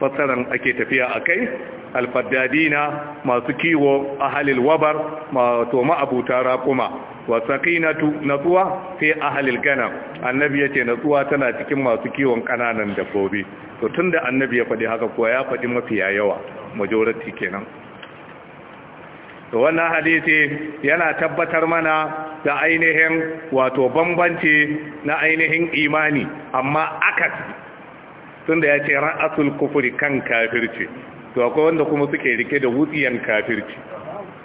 fasaran ake tafiya a kai alfaddadina masu kiwo a halil wabar to ma'abuta raƙuma wa sakinatu natsuwa fi ahalil ganam annabi yace natsuwa tana cikin masu kiwon ƙananan dabbobi to tunda annabi ya faɗi haka kuwa ya faɗi mafiya yawa majority kenan to wannan hadisi yana tabbatar mana da ainihin wato bambanci na ainihin imani amma akasi tunda yace ra'asul kufuri kan kafirci to akwai wanda kuma suke rike da wutsiyan kafirci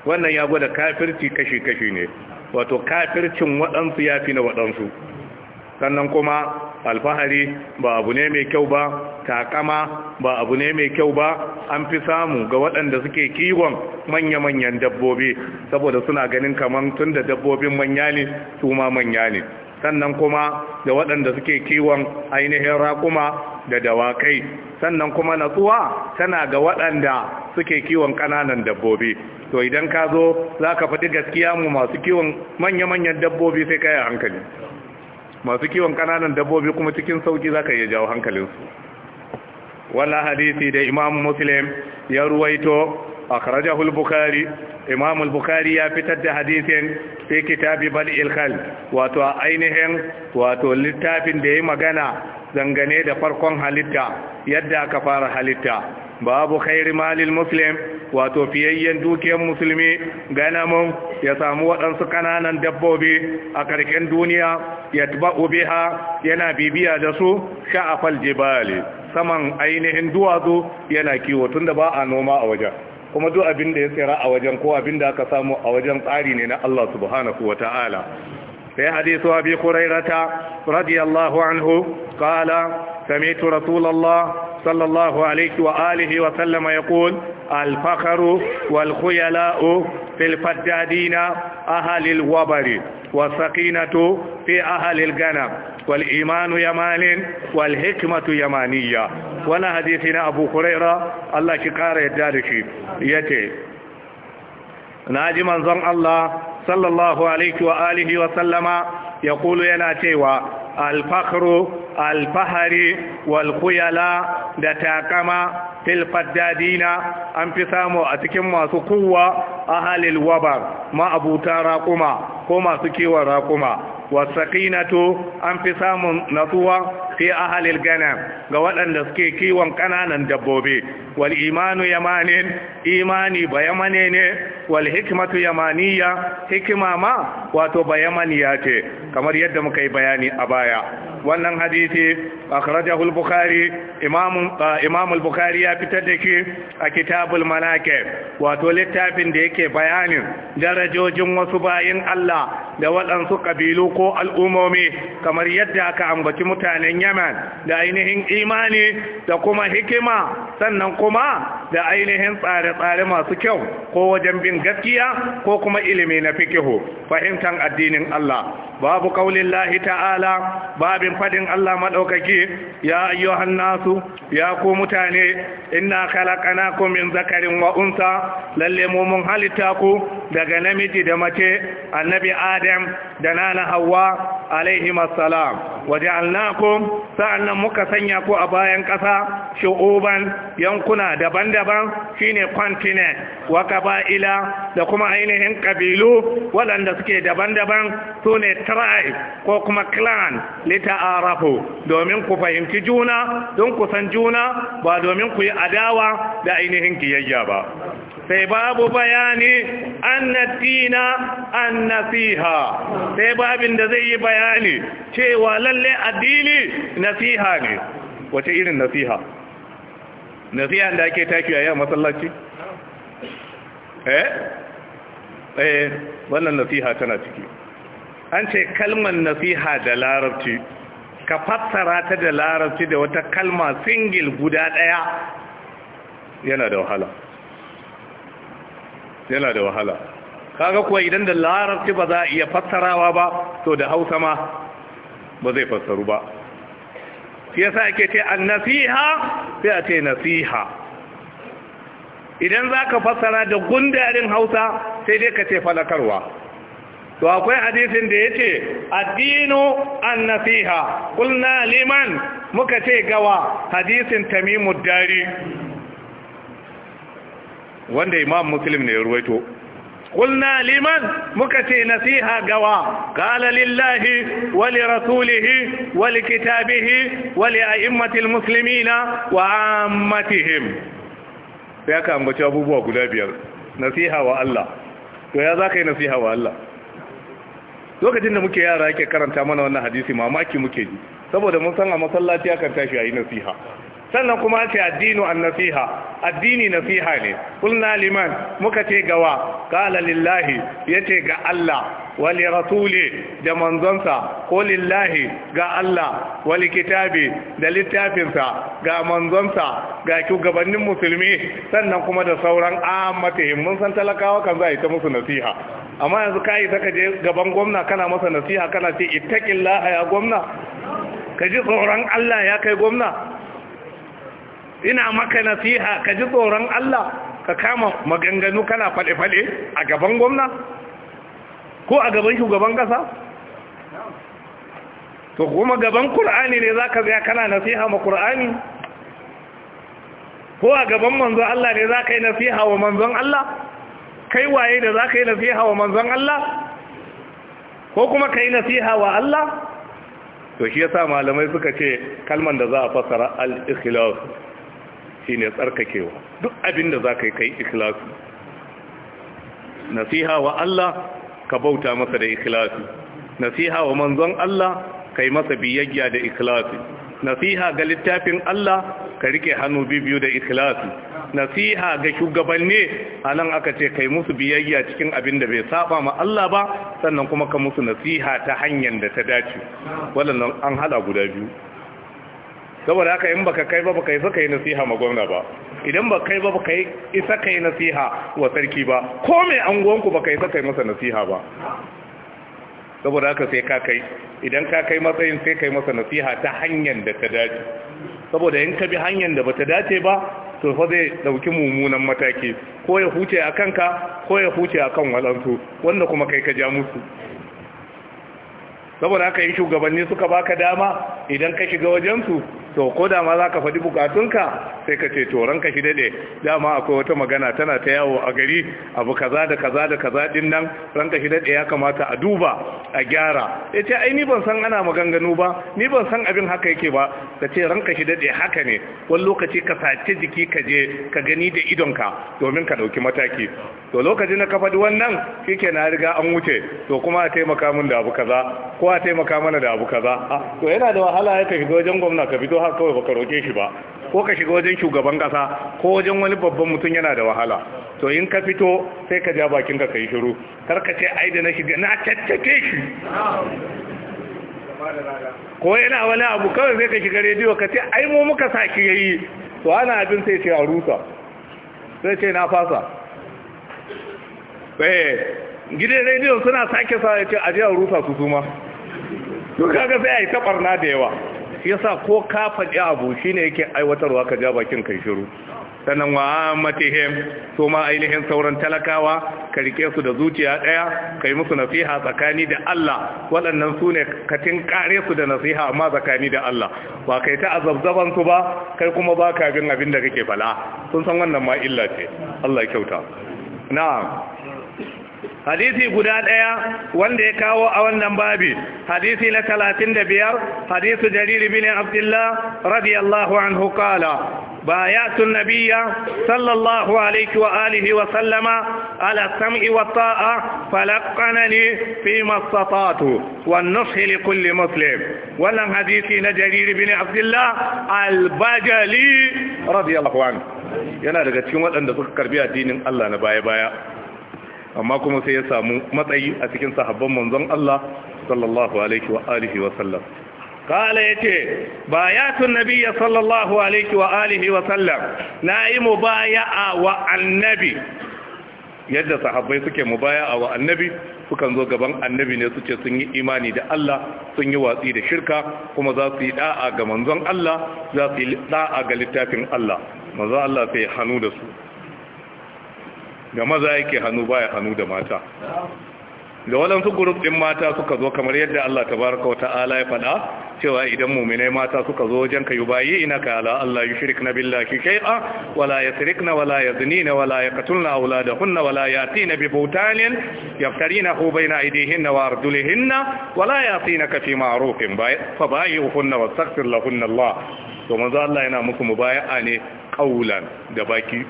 wannan ya gwada kafirci kashi-kashi ne wato kafircin waɗansu ya fi na waɗansu sannan kuma alfahari ba abu ne mai kyau ba takama ba abu ne mai kyau ba an fi samu ga waɗanda suke kiwon manya-manyan dabbobi saboda suna ganin kamar tun da dabbobin manya ne su ma manya ne sannan kuma da waɗanda suke kiwon ainihin rakuma da dawakai sannan kuma natsuwa tana ga waɗanda suke kiwon ƙananan dabbobi to idan ka zo za ka faɗi gaskiya mu masu kiwon manya-manyan dabbobi sai kaya hankali masu kiwon ƙananan dabbobi kuma cikin sauƙi za ka iya jawo hankalinsu wala hadisi da imam muslim ya ruwaito akhrajahu al-bukhari imam bukhari ya fitar da hadisin fi kitabi bal'il khal wato ainihin wato littafin da yayi magana zangane da farkon halitta yadda aka fara halitta babu khairi malil muslim wato fiyayyen dukiyar musulmi ganamun ya samu waɗansu ƙananan dabbobi a ƙarshen duniya ya tuba'u biha yana bibiya da su sha'afal jibali saman ainihin duwatsu yana kiwo tunda ba a noma a wajen kuma duk abin da ya tsira a wajen ko abin da aka samu a wajen tsari ne na Allah subhanahu wa ta'ala sai hadisu abi kurairata radiyallahu anhu qala سمعت رسول الله صلى الله عليه وآله وسلم يقول الفخر والخيلاء في الفجادين أهل الوبر والسقينة في أهل الجنب والإيمان يمان والحكمة يمانية وانا حديثنا أبو هريرة الله شكار يدارشي يتي ناجي منظم الله صلى الله عليه وآله وسلم يقول يناتي alfakru alfahari walkuyala da takama filfaddadina an fi samu a cikin masu kuwa a halil wabar ma'abuta raƙuma ko masu kiwon raƙuma wasakinatu an fi samun natsuwa fi ahalil gana ga waɗanda suke kiwon ƙananan dabbobi wal imanu yamanin imani bayamane ne wal hikmatu yamaniya hikima ma wato bayamaniya ce kamar yadda muka yi bayani a baya wannan hadisi akhrajahu al-bukhari imam ah, imam al-bukhari ya fitar da ke a kitabul manaqib wato littafin da yake bayanin darajojin wasu bayin Allah da waɗansu kabilu ko al'umomi kamar yadda aka ambaci mutanen Yemen da ainihin imani da kuma hikima sannan kuma da ainihin tsare-tsare masu kyau ko wajen bin gaskiya ko kuma ilimi na fikihu fahimtar addinin Allah babu kaulin lahi ta'ala babin fadin Allah maɗaukaki ya ayyuhan nasu ya ku mutane inna khalaqnakum min zakarin wa unsa lalle mu mun halitta ku daga namiji da mace annabi Adam da nana hawa alaihi waja'alnakum sa'annan muka sanya ku a bayan ƙasa shu'uban yankuna daban-daban shine continent wa ba'ila da kuma ainihin kabilu waɗanda suke daban-daban sune tribe ko kuma clan arafu domin ku fahimci juna don kusan juna ba domin ku yi adawa da ainihin kiyayya ba sai babu bayani annatina annasiha sai babin da zai yi bayani cewa lalle addini nasiha ne wace irin nasiha nasiha da ake taki a masallaci eh eh wannan nasiha tana ciki an ce kalmar nasiha da larabci ka fassara ta da larabci da wata kalma singil guda daya yana da wahala yana da wahala kaga kuwa idan da larabci ba za a iya fassarawa ba to da hausa ma ba zai fassaru ba shi yasa ake ce an-nasiha sai a ce nasiha idan za ka fassara da gundarin Hausa sai dai ka ce falakarwa to akwai hadisin da yace addinu an-nasiha kulna liman muka ce gawa hadisin tamimud dari wanda imam muslim ne ya ruwaito قلنا لمن مكتين فيها قوا قال لله ولرسوله ولكتابه ولأئمة المسلمين وعامتهم فيك أنبتي أبو بوك لابير نسيها والله ويا ذاك نسيها والله lokacin da muke yara yake karanta mana wannan hadisi mamaki muke ji saboda mun san a masallaci akan tashi a yi nasiha sannan kuma ce addinu an nasiha addini nasiha ne kulna liman muka ce gawa qala lillahi yace ga Allah wali rasuli da manzonsa ko lillahi ga Allah wali kitabi da littafinsa ga manzonsa ga shugabannin musulmi sannan kuma da sauran ammatihim mun san talakawa kan za ta musu nasiha amma yanzu kai saka je gaban gwamna kana masa nasiha kana ce ittaqillaha ya gwamna Kaji tsoron Allah ya kai gwamna ina maka nasiha ka ji tsoron Allah ka kama maganganu kana faɗe-faɗe a gaban gwamna ko a gaban shugaban kasa to kuma gaban Kur'ani ne za ka zai kana nasiha ma Kur'ani ko a gaban manzon Allah ne za ka yi nasiha wa manzon Allah kai waye da za ka yi nasiha wa manzon Allah ko kuma ka yi nasiha wa Allah to shi yasa malamai suka ce kalman da za a fasara al-ikhlas ne tsarkakewa duk abin da za ka yi kai ikhlasi nasiha wa Allah ka bauta masa da ikhlasi nasiha wa manzon Allah kai masa biyayya da ikhlasi nasiha ga littafin Allah ka rike hannu biyu da ikhlasi nasiha ga shugabanni anan aka ce kai musu biyayya cikin abin da bai saba ma Allah ba sannan kuma ka musu nasiha ta hanyar da ta dace wannan an hada guda biyu saboda haka in baka kai ba baka yi saka yi nasiha ma gwamna ba idan baka kai ba baka yi isa kai nasiha wa sarki ba ko mai anguwanku baka saka kai masa nasiha ba saboda haka sai ka kai idan ka kai matsayin sai kai masa nasiha ta hanyar da ta dace saboda in ka bi hanyar da bata dace ba to fa zai dauki mummunan mataki ko ya huce a kanka ko ya huce a kan walansu wanda kuma kai ka ja musu saboda haka yin shugabanni suka baka dama idan ka shiga wajensu to ko da ma za ka faɗi bukatunka sai ka ce toron ka shi daɗe dama akwai wata magana tana ta yawo a gari abu kaza da kaza da kaza ɗin nan ranka shi daɗe ya kamata a duba a gyara ya ce ai ni ban san ana maganganu ba ni ban san abin haka yake ba ka ce ranka shi daɗe haka ne wani lokaci ka sace jiki ka je ka gani da idonka domin ka ɗauki mataki to lokacin na ka faɗi wannan shi ke na riga an wuce to kuma a taimaka min da abu kaza ko a taimaka mana da abu kaza ah, to yana da wahala ya ka shiga wajen gwamna ka fito haka kawai baka roke shi ba ko ka shiga wajen shugaban kasa ko wajen wani babban mutum yana da wahala to in ka fito sai ka ja bakin ka kai shiru kar ka ce ai da na shiga na tattake shi ko yana wani abu kawai sai ka shiga rediyo ka ce ai mu muka saki yayi to ana abin sai ce a rusa sai ce na fasa eh gidan rediyo suna sake sa ya ce a je a rusa su suma Duk kaga sai a yi taɓarna da yawa shi yasa ko ka faɗi abu shine yake aiwatarwa ka ja bakin kai shiru sannan wa matihim su ma ainihin sauran talakawa ka rike su da zuciya ɗaya kai musu nasiha tsakani da Allah waɗannan su ne ka tinkare su da nasiha amma tsakani da Allah ba kai ta azabzaban su ba kai kuma ba bin abin da kake fala sun san wannan ma illa ce Allah kyauta na'am hadisi guda ɗaya wanda ya kawo a wannan babi hadisi na talatin da biyar hadisu jariri bin abdullah radiyallahu anhu kala بايات النبي صلى الله عليه وآله وسلم على السمع والطاعة فلقنني فيما استطعت والنصح لكل مسلم ولم حديثي نجرير بن عبد الله البجلي رضي الله عنه yana daga cikin waɗanda suka karbi addinin Allah na baya-baya amma kuma sai ya samu matsayi a cikin sahabban manzon Allah sallallahu alaihi wa alihi wa sallam kala yace bayatun nabiyyi sallallahu alaihi wa alihi wa sallam nayi mubaya'a wa annabi yadda sahabbai suke mubaya'a wa annabi sukan zo gaban annabi ne su ce sun yi imani da Allah sun yi watsi da shirka kuma za su yi da'a ga manzon Allah za su yi da'a ga littafin Allah manzon Allah sai hannu da su da maza yake hannu baya hannu da mata da waɗansu gurup ɗin mata suka zo kamar yadda Allah Ta wa ta'ala ya faɗa cewa idan mu'minai mata suka zo wajen ka yubayi ina ka ala Allah yushrikna billahi a wala na wala na wala yaqtulna awladahunna wala na bi bai na bayna na wa na. wala yatinaka fi ma'rufin fa bayyuhunna wastaghfir lahunna Allah to manzo Allah yana muku mubaya'a ne qawlan da baki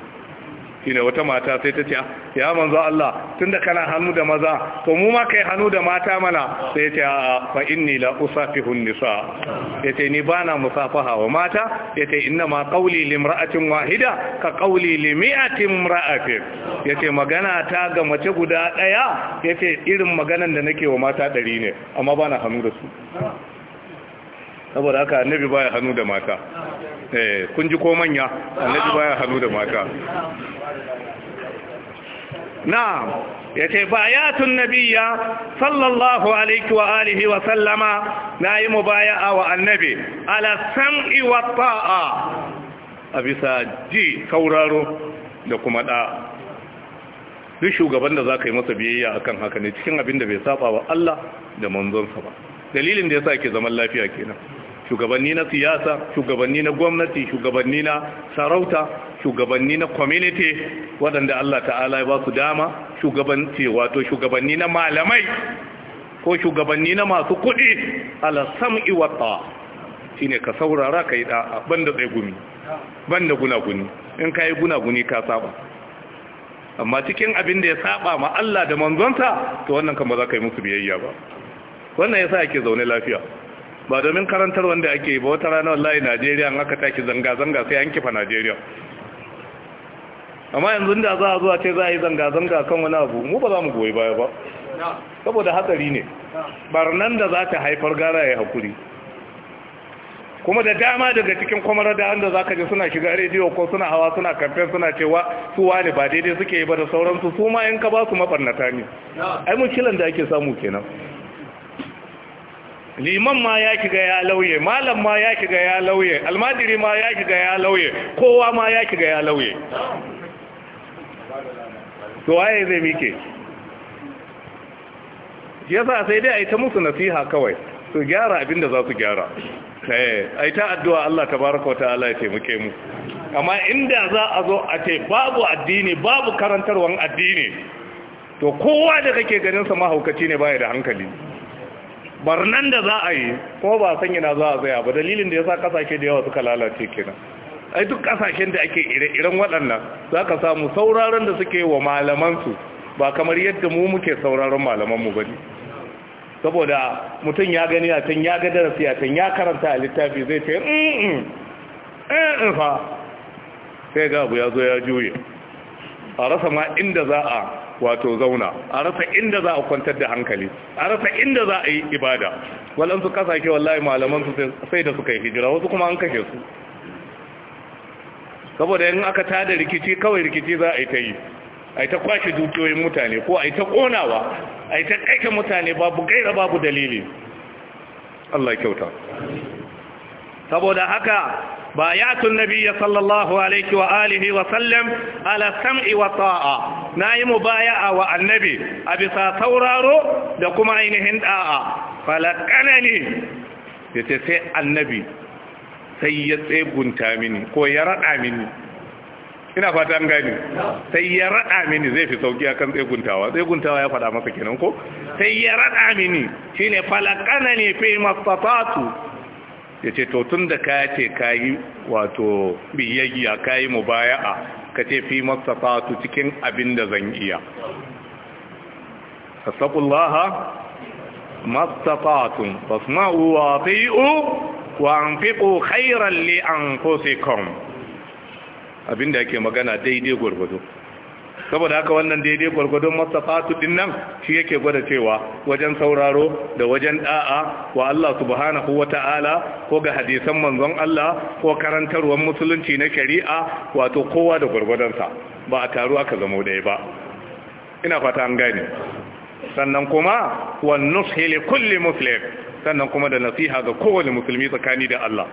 shine wata mata sai ta ce ah, ya manzo Allah tunda kana hannu da maza to mu ma kai hannu da mata mana sai ta ce fa inni la usafihu nisa ce ni bana musafaha wa mata yace inna ma qawli limra'atin wahida ka qawli limi'atin ya ce magana ta ga mace guda daya yace irin maganan da nake wa mata ɗari ne amma bana hannu da su saboda haka annabi baya hannu da mata eh kun ji ko manya annabi baya hannu da mata na'am yace bayatun nabiyya sallallahu alaihi wa alihi wa sallama nayi mubaya'a wa annabi ala sam'i wa ta'a abisa ji sauraro da kuma da duk shugaban da zaka yi masa biyayya akan haka ne cikin abin da bai saba wa Allah da manzonsa ba dalilin da yasa ke zaman lafiya kenan shugabanni na siyasa shugabanni na gwamnati shugabanni na sarauta shugabanni na community waɗanda Allah ta'ala ya ba dama shugabanci wato shugabanni na malamai ko shugabanni na masu kuɗi ala sam'i wa ta'a shine ka saurara kai da banda tsaye gumi banda gunaguni in kai gunaguni ka saba amma cikin abin da ya saba ma Allah da manzonsa to wannan kan ba za ka yi musu biyayya ba wannan yasa yake zaune lafiya ba domin karantar wanda ake ba wata rana wallahi Najeriya an aka taki zanga-zanga sai an kifa Najeriya amma yanzu da za a zuwa ce za a yi zanga-zanga kan wani abu mu ba za mu goyi baya ba saboda hatsari ne barnan da za ta haifar gara ya hakuri kuma da dama daga cikin kwamarar da da za ka ji suna shiga rediyo ko suna hawa suna kamfen suna cewa su wani ba daidai suke yi ba da sauransu su ma in ka ba su maɓarnata ne ai mun kilan da ake samu kenan liman ma ya kiga ya lauye malam ma ya kiga ya lauye almajiri ma ya kiga ya lauye kowa ma ya kiga ya lauye to waye zai mike yasa sai dai a yi ta musu nasiha kawai su gyara abinda za su gyara eh, a yi ta addu'a Allah ta baraka wata ta'ala ya taimake mu amma inda za a zo a ce babu addini babu karantarwan addini to kowa da kake ganin sa mahaukaci ne baya da hankali barnan da za a yi ko ba san yana za a tsaya ba dalilin da ya sa kasashe da yawa suka lalace kenan ai duk kasashen da ake ire-iren waɗannan za ka samu sauraron da suke wa malamansu ba kamar yadda mu muke sauraron malamanmu ba ne saboda mutum ya gani a can ya ga darasi a can ya karanta a littafi zai ce mm, mm, eh, eh, fa sai ga ya zo ya juye a rasa ma inda za a wato zauna a rasa inda za a kwantar da hankali a rasa inda za a yi ibada walansu kasashe wallahi malaman su sai da suka yi hijira wasu kuma an kashe su saboda yin aka tada rikici kawai rikici za a yi ta yi a yi ta kwashe dukiyoyin mutane ko a yi ta ƙonawa a yi ta ƙaƙe mutane babu gaira babu dalili Allah kyauta saboda haka بايعت النبي صلى الله nayi mubaya'a wa annabi abisa sauraro da kuma والنبي أبي ساتورارو لكم عينهن annabi sai ya tsegunta mini ko ya يرد mini. ina fata an gani sai ya rada mini zai fi sauki akan tseguntawa tseguntawa ya fada masa kenan ko sai ya rada mini shine falaqana ne fi mastatatu ya ce to da ka ce ka yi wato biyayya ka yi mubaya'a ka ce fi masafatu cikin abin da zan iya fasakullaha masafatun fasma'u wa fi'u wa an fiƙo khairan li an abin da ake magana daidai gwargwado saboda haka wannan daidai gwargwadon masafatu din nan shi yake gwada cewa wajen sauraro da wajen da'a wa Allah subhanahu ta'ala ko ga hadisan manzon Allah ko karantarwar musulunci na shari'a wato kowa da gwargwadonsa ba a taru aka zama ɗaya ba ina fata an gane sannan kuma wannan nushi kulli muslim sannan kuma da nasiha ga kowane musulmi tsakani da Allah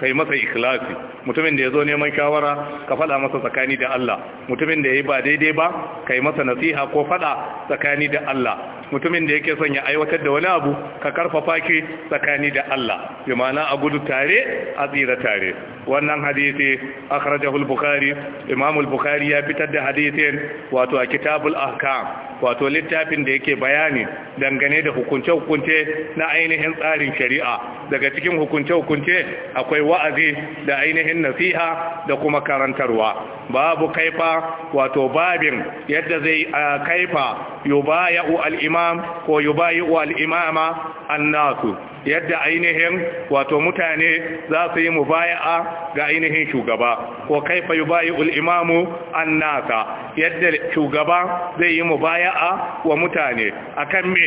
kai masa ikhlasi mutumin da ya zo neman shawara ka faɗa masa tsakani da Allah mutumin da ya yi ba daidai ba kai masa nasiha ko faɗa tsakani da Allah mutumin da yake son ya aiwatar da wani abu ka karfafa ki tsakani da Allah bi a gudu tare a tsira tare wannan hadisi akhrajahu al-bukhari imam al-bukhari ya fitar da hadisin wato a kitabul ahkam wato littafin da yake bayani dangane da hukunce-hukunce na ainihin tsarin shari'a daga cikin hukunce-hukunce akwai wa'azi da ainihin nasiha da kuma karantarwa babu kaifa wato babin yadda zai kaifa yubaya'u al-imam ko yubaya'u al an nasu. yadda ainihin wato mutane za su yi mubaya'a ga ainihin shugaba ko kaifa yubaya'u al an nasa, yadda shugaba zai yi mubaya'a wa mutane akan me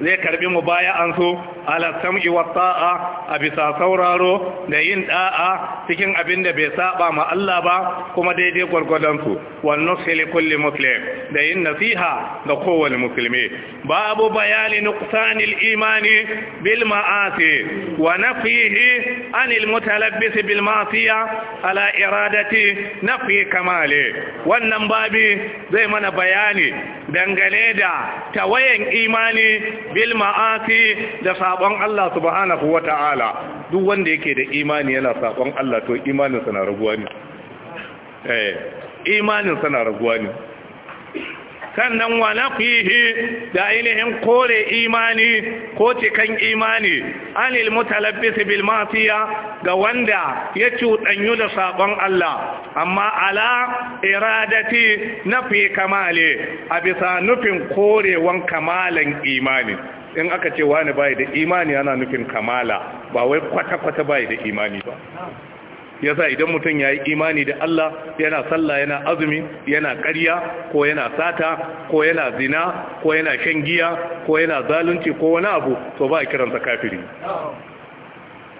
zai karbi mu baya an so ala sam'i wa a bisa sauraro da yin da'a cikin abin da bai saba ma Allah ba kuma daidai gwargwadon su wal nushi kulli muslim da yin nasiha ga kowane musulmi babu bayani nuksanil imani bil ma'asi wa nafihi anil mutalabbis bil ma'siya ala iradati nafi kamale wannan babi zai mana bayani dangane da tawayen imani bil ma'asi da sabon Allah subhanahu wata'ala duk wanda yake da imani yana sabon Allah to imaninsa na raguwa ne eh sa na raguwa ne sannan wa nafihi da ainihin kore imani ko cikan imani anil mutalabbis bil mafiya ga wanda ya cuɗanyu da sabon Allah amma ala iradati fi kamale a bisa nufin korewan kamalan imani in aka ce wani bai da imani ana nufin kamala ba wai kwata-kwata bai da imani ba yasa idan mutum ya yi imani da Allah yana sallah yana azumi yana ƙarya ko yana sata ko yana zina ko yana shan giya ko yana zalunci ko wani abu to ba a kiransa kafiri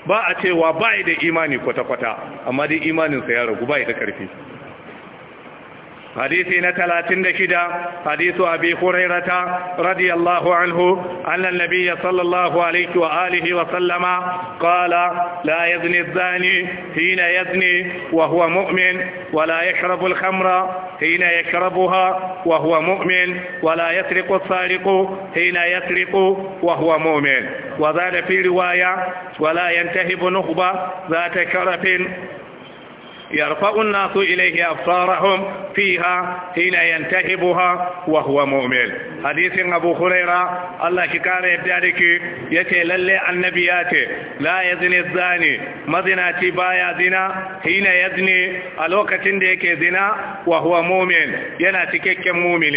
ba a cewa ba da imani kwata-kwata amma dai imaninsa ya ragu ba da ƙarfi حديثي نتلاتين دشدا حديث أبي هريرة رضي الله عنه أن النبي صلى الله عليه وآله وسلم قال لا يزني الزاني حين يزني وهو مؤمن ولا يشرب الخمر حين يشربها وهو مؤمن ولا يسرق السارق حين يسرق وهو مؤمن وزاد في رواية ولا ينتهب نخبة ذات شرف يرفع الناس إليه أبصارهم فيها حين ينتهبها وهو مؤمن حديث أبو هريرة الله كار يبدأك يتلل النبيات لا يزني الزاني مذنا تبايا زنا حين يزني الوقت ديك زنا وهو مؤمن ينا تكك مؤمن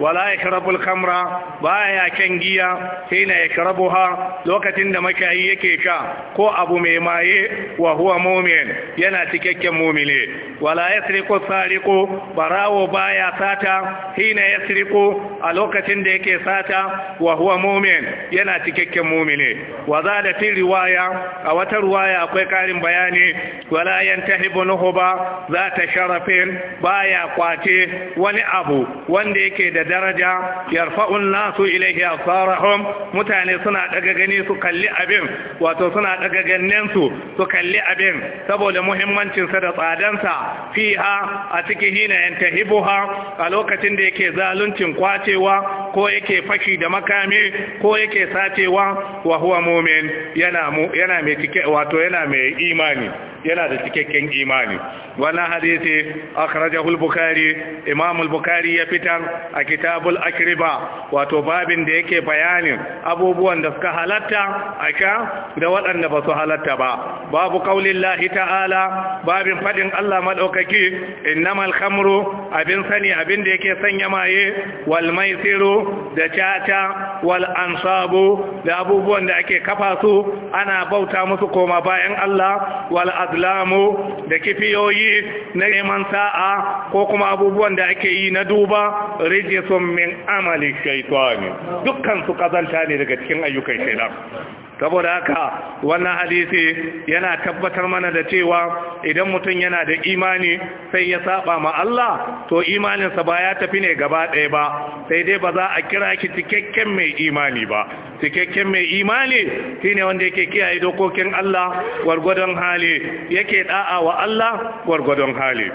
ولا يشرب الخمر بايا كنجيا حين يشربها الوقت دمك أيك كو أبو ميماي وهو مؤمن ينا تكك مؤمن mu'mini wala yasriqu sariko barawo baya sata hina yasriqu a lokacin da yake sata wa huwa mu'min yana cikakken mu'mini Waza da fi riwaya a wata riwaya akwai karin bayani wala yantahibu nuhba zata sharafin baya kwace wani abu wanda yake da daraja yarfa'un nasu ilaihi asarahum mutane suna daga gani su kalli abin wato suna daga gannen su su kalli abin saboda muhimmancin sa da muradinsa fiha a cikin hina hibuha a lokacin da yake zaluncin kwacewa ko yake fashi da makami ko yake sacewa wa huwa mu'min yana yana mai cike wato yana mai imani yana da cikakken imani wannan hadisi akhrajahu al-bukhari imam al-bukhari ya fitar a kitabul akriba wato babin da yake bayanin abubuwan da suka halatta a sha da waɗanda ba su halatta ba babu kaulin lahi ta'ala babin faɗin Allah maɗaukaki innamal khamru abin sani abin da yake sanya maye wal maisiru da caca wal ansabu da abubuwan da ake kafa su ana bauta musu koma bayan Allah wal azlamu da kifiyoyi na neman sa'a ko kuma abubuwan da ake yi na duba rijisun min amali shaitani dukkan su kazanta ne daga cikin ayyukan shaitan saboda haka wannan hadisi yana tabbatar mana da cewa idan mutum yana da imani sai ya saba ma Allah to imaninsa ba ya tafi ne gaba ɗaya ba sai dai ba za a kira ki cikakken mai imani ba cikakken mai imani shine wanda yake kiyaye dokokin Allah gwargwadon hali yake da'a wa Allah gwargwadon hali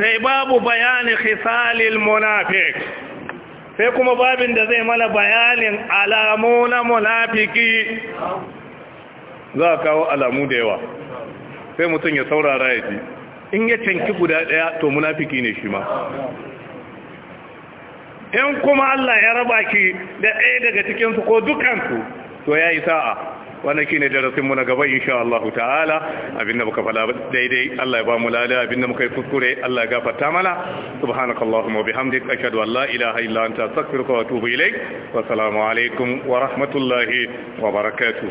sai babu bayani khisalil munafiq sai kuma babin da zai mana bayanin alamu na munafiki za a kawo alamu da yawa sai mutum ya saurara ya ji in ya canki guda ɗaya to munafiki ne shi ma in kuma Allah ya raba ki da ɗaya daga cikinsu ko dukansu to ya yi sa'a wannan shine darasin mu na gaba insha Allah ta'ala abinda muka fala daidai Allah ya ba mu lada abinda muka yi kuskure Allah ya gafarta mana subhanakallahumma wa bihamdika ashhadu an la ilaha illa anta astaghfiruka wa atubu ilaik wa assalamu alaikum wa rahmatullahi wa barakatuh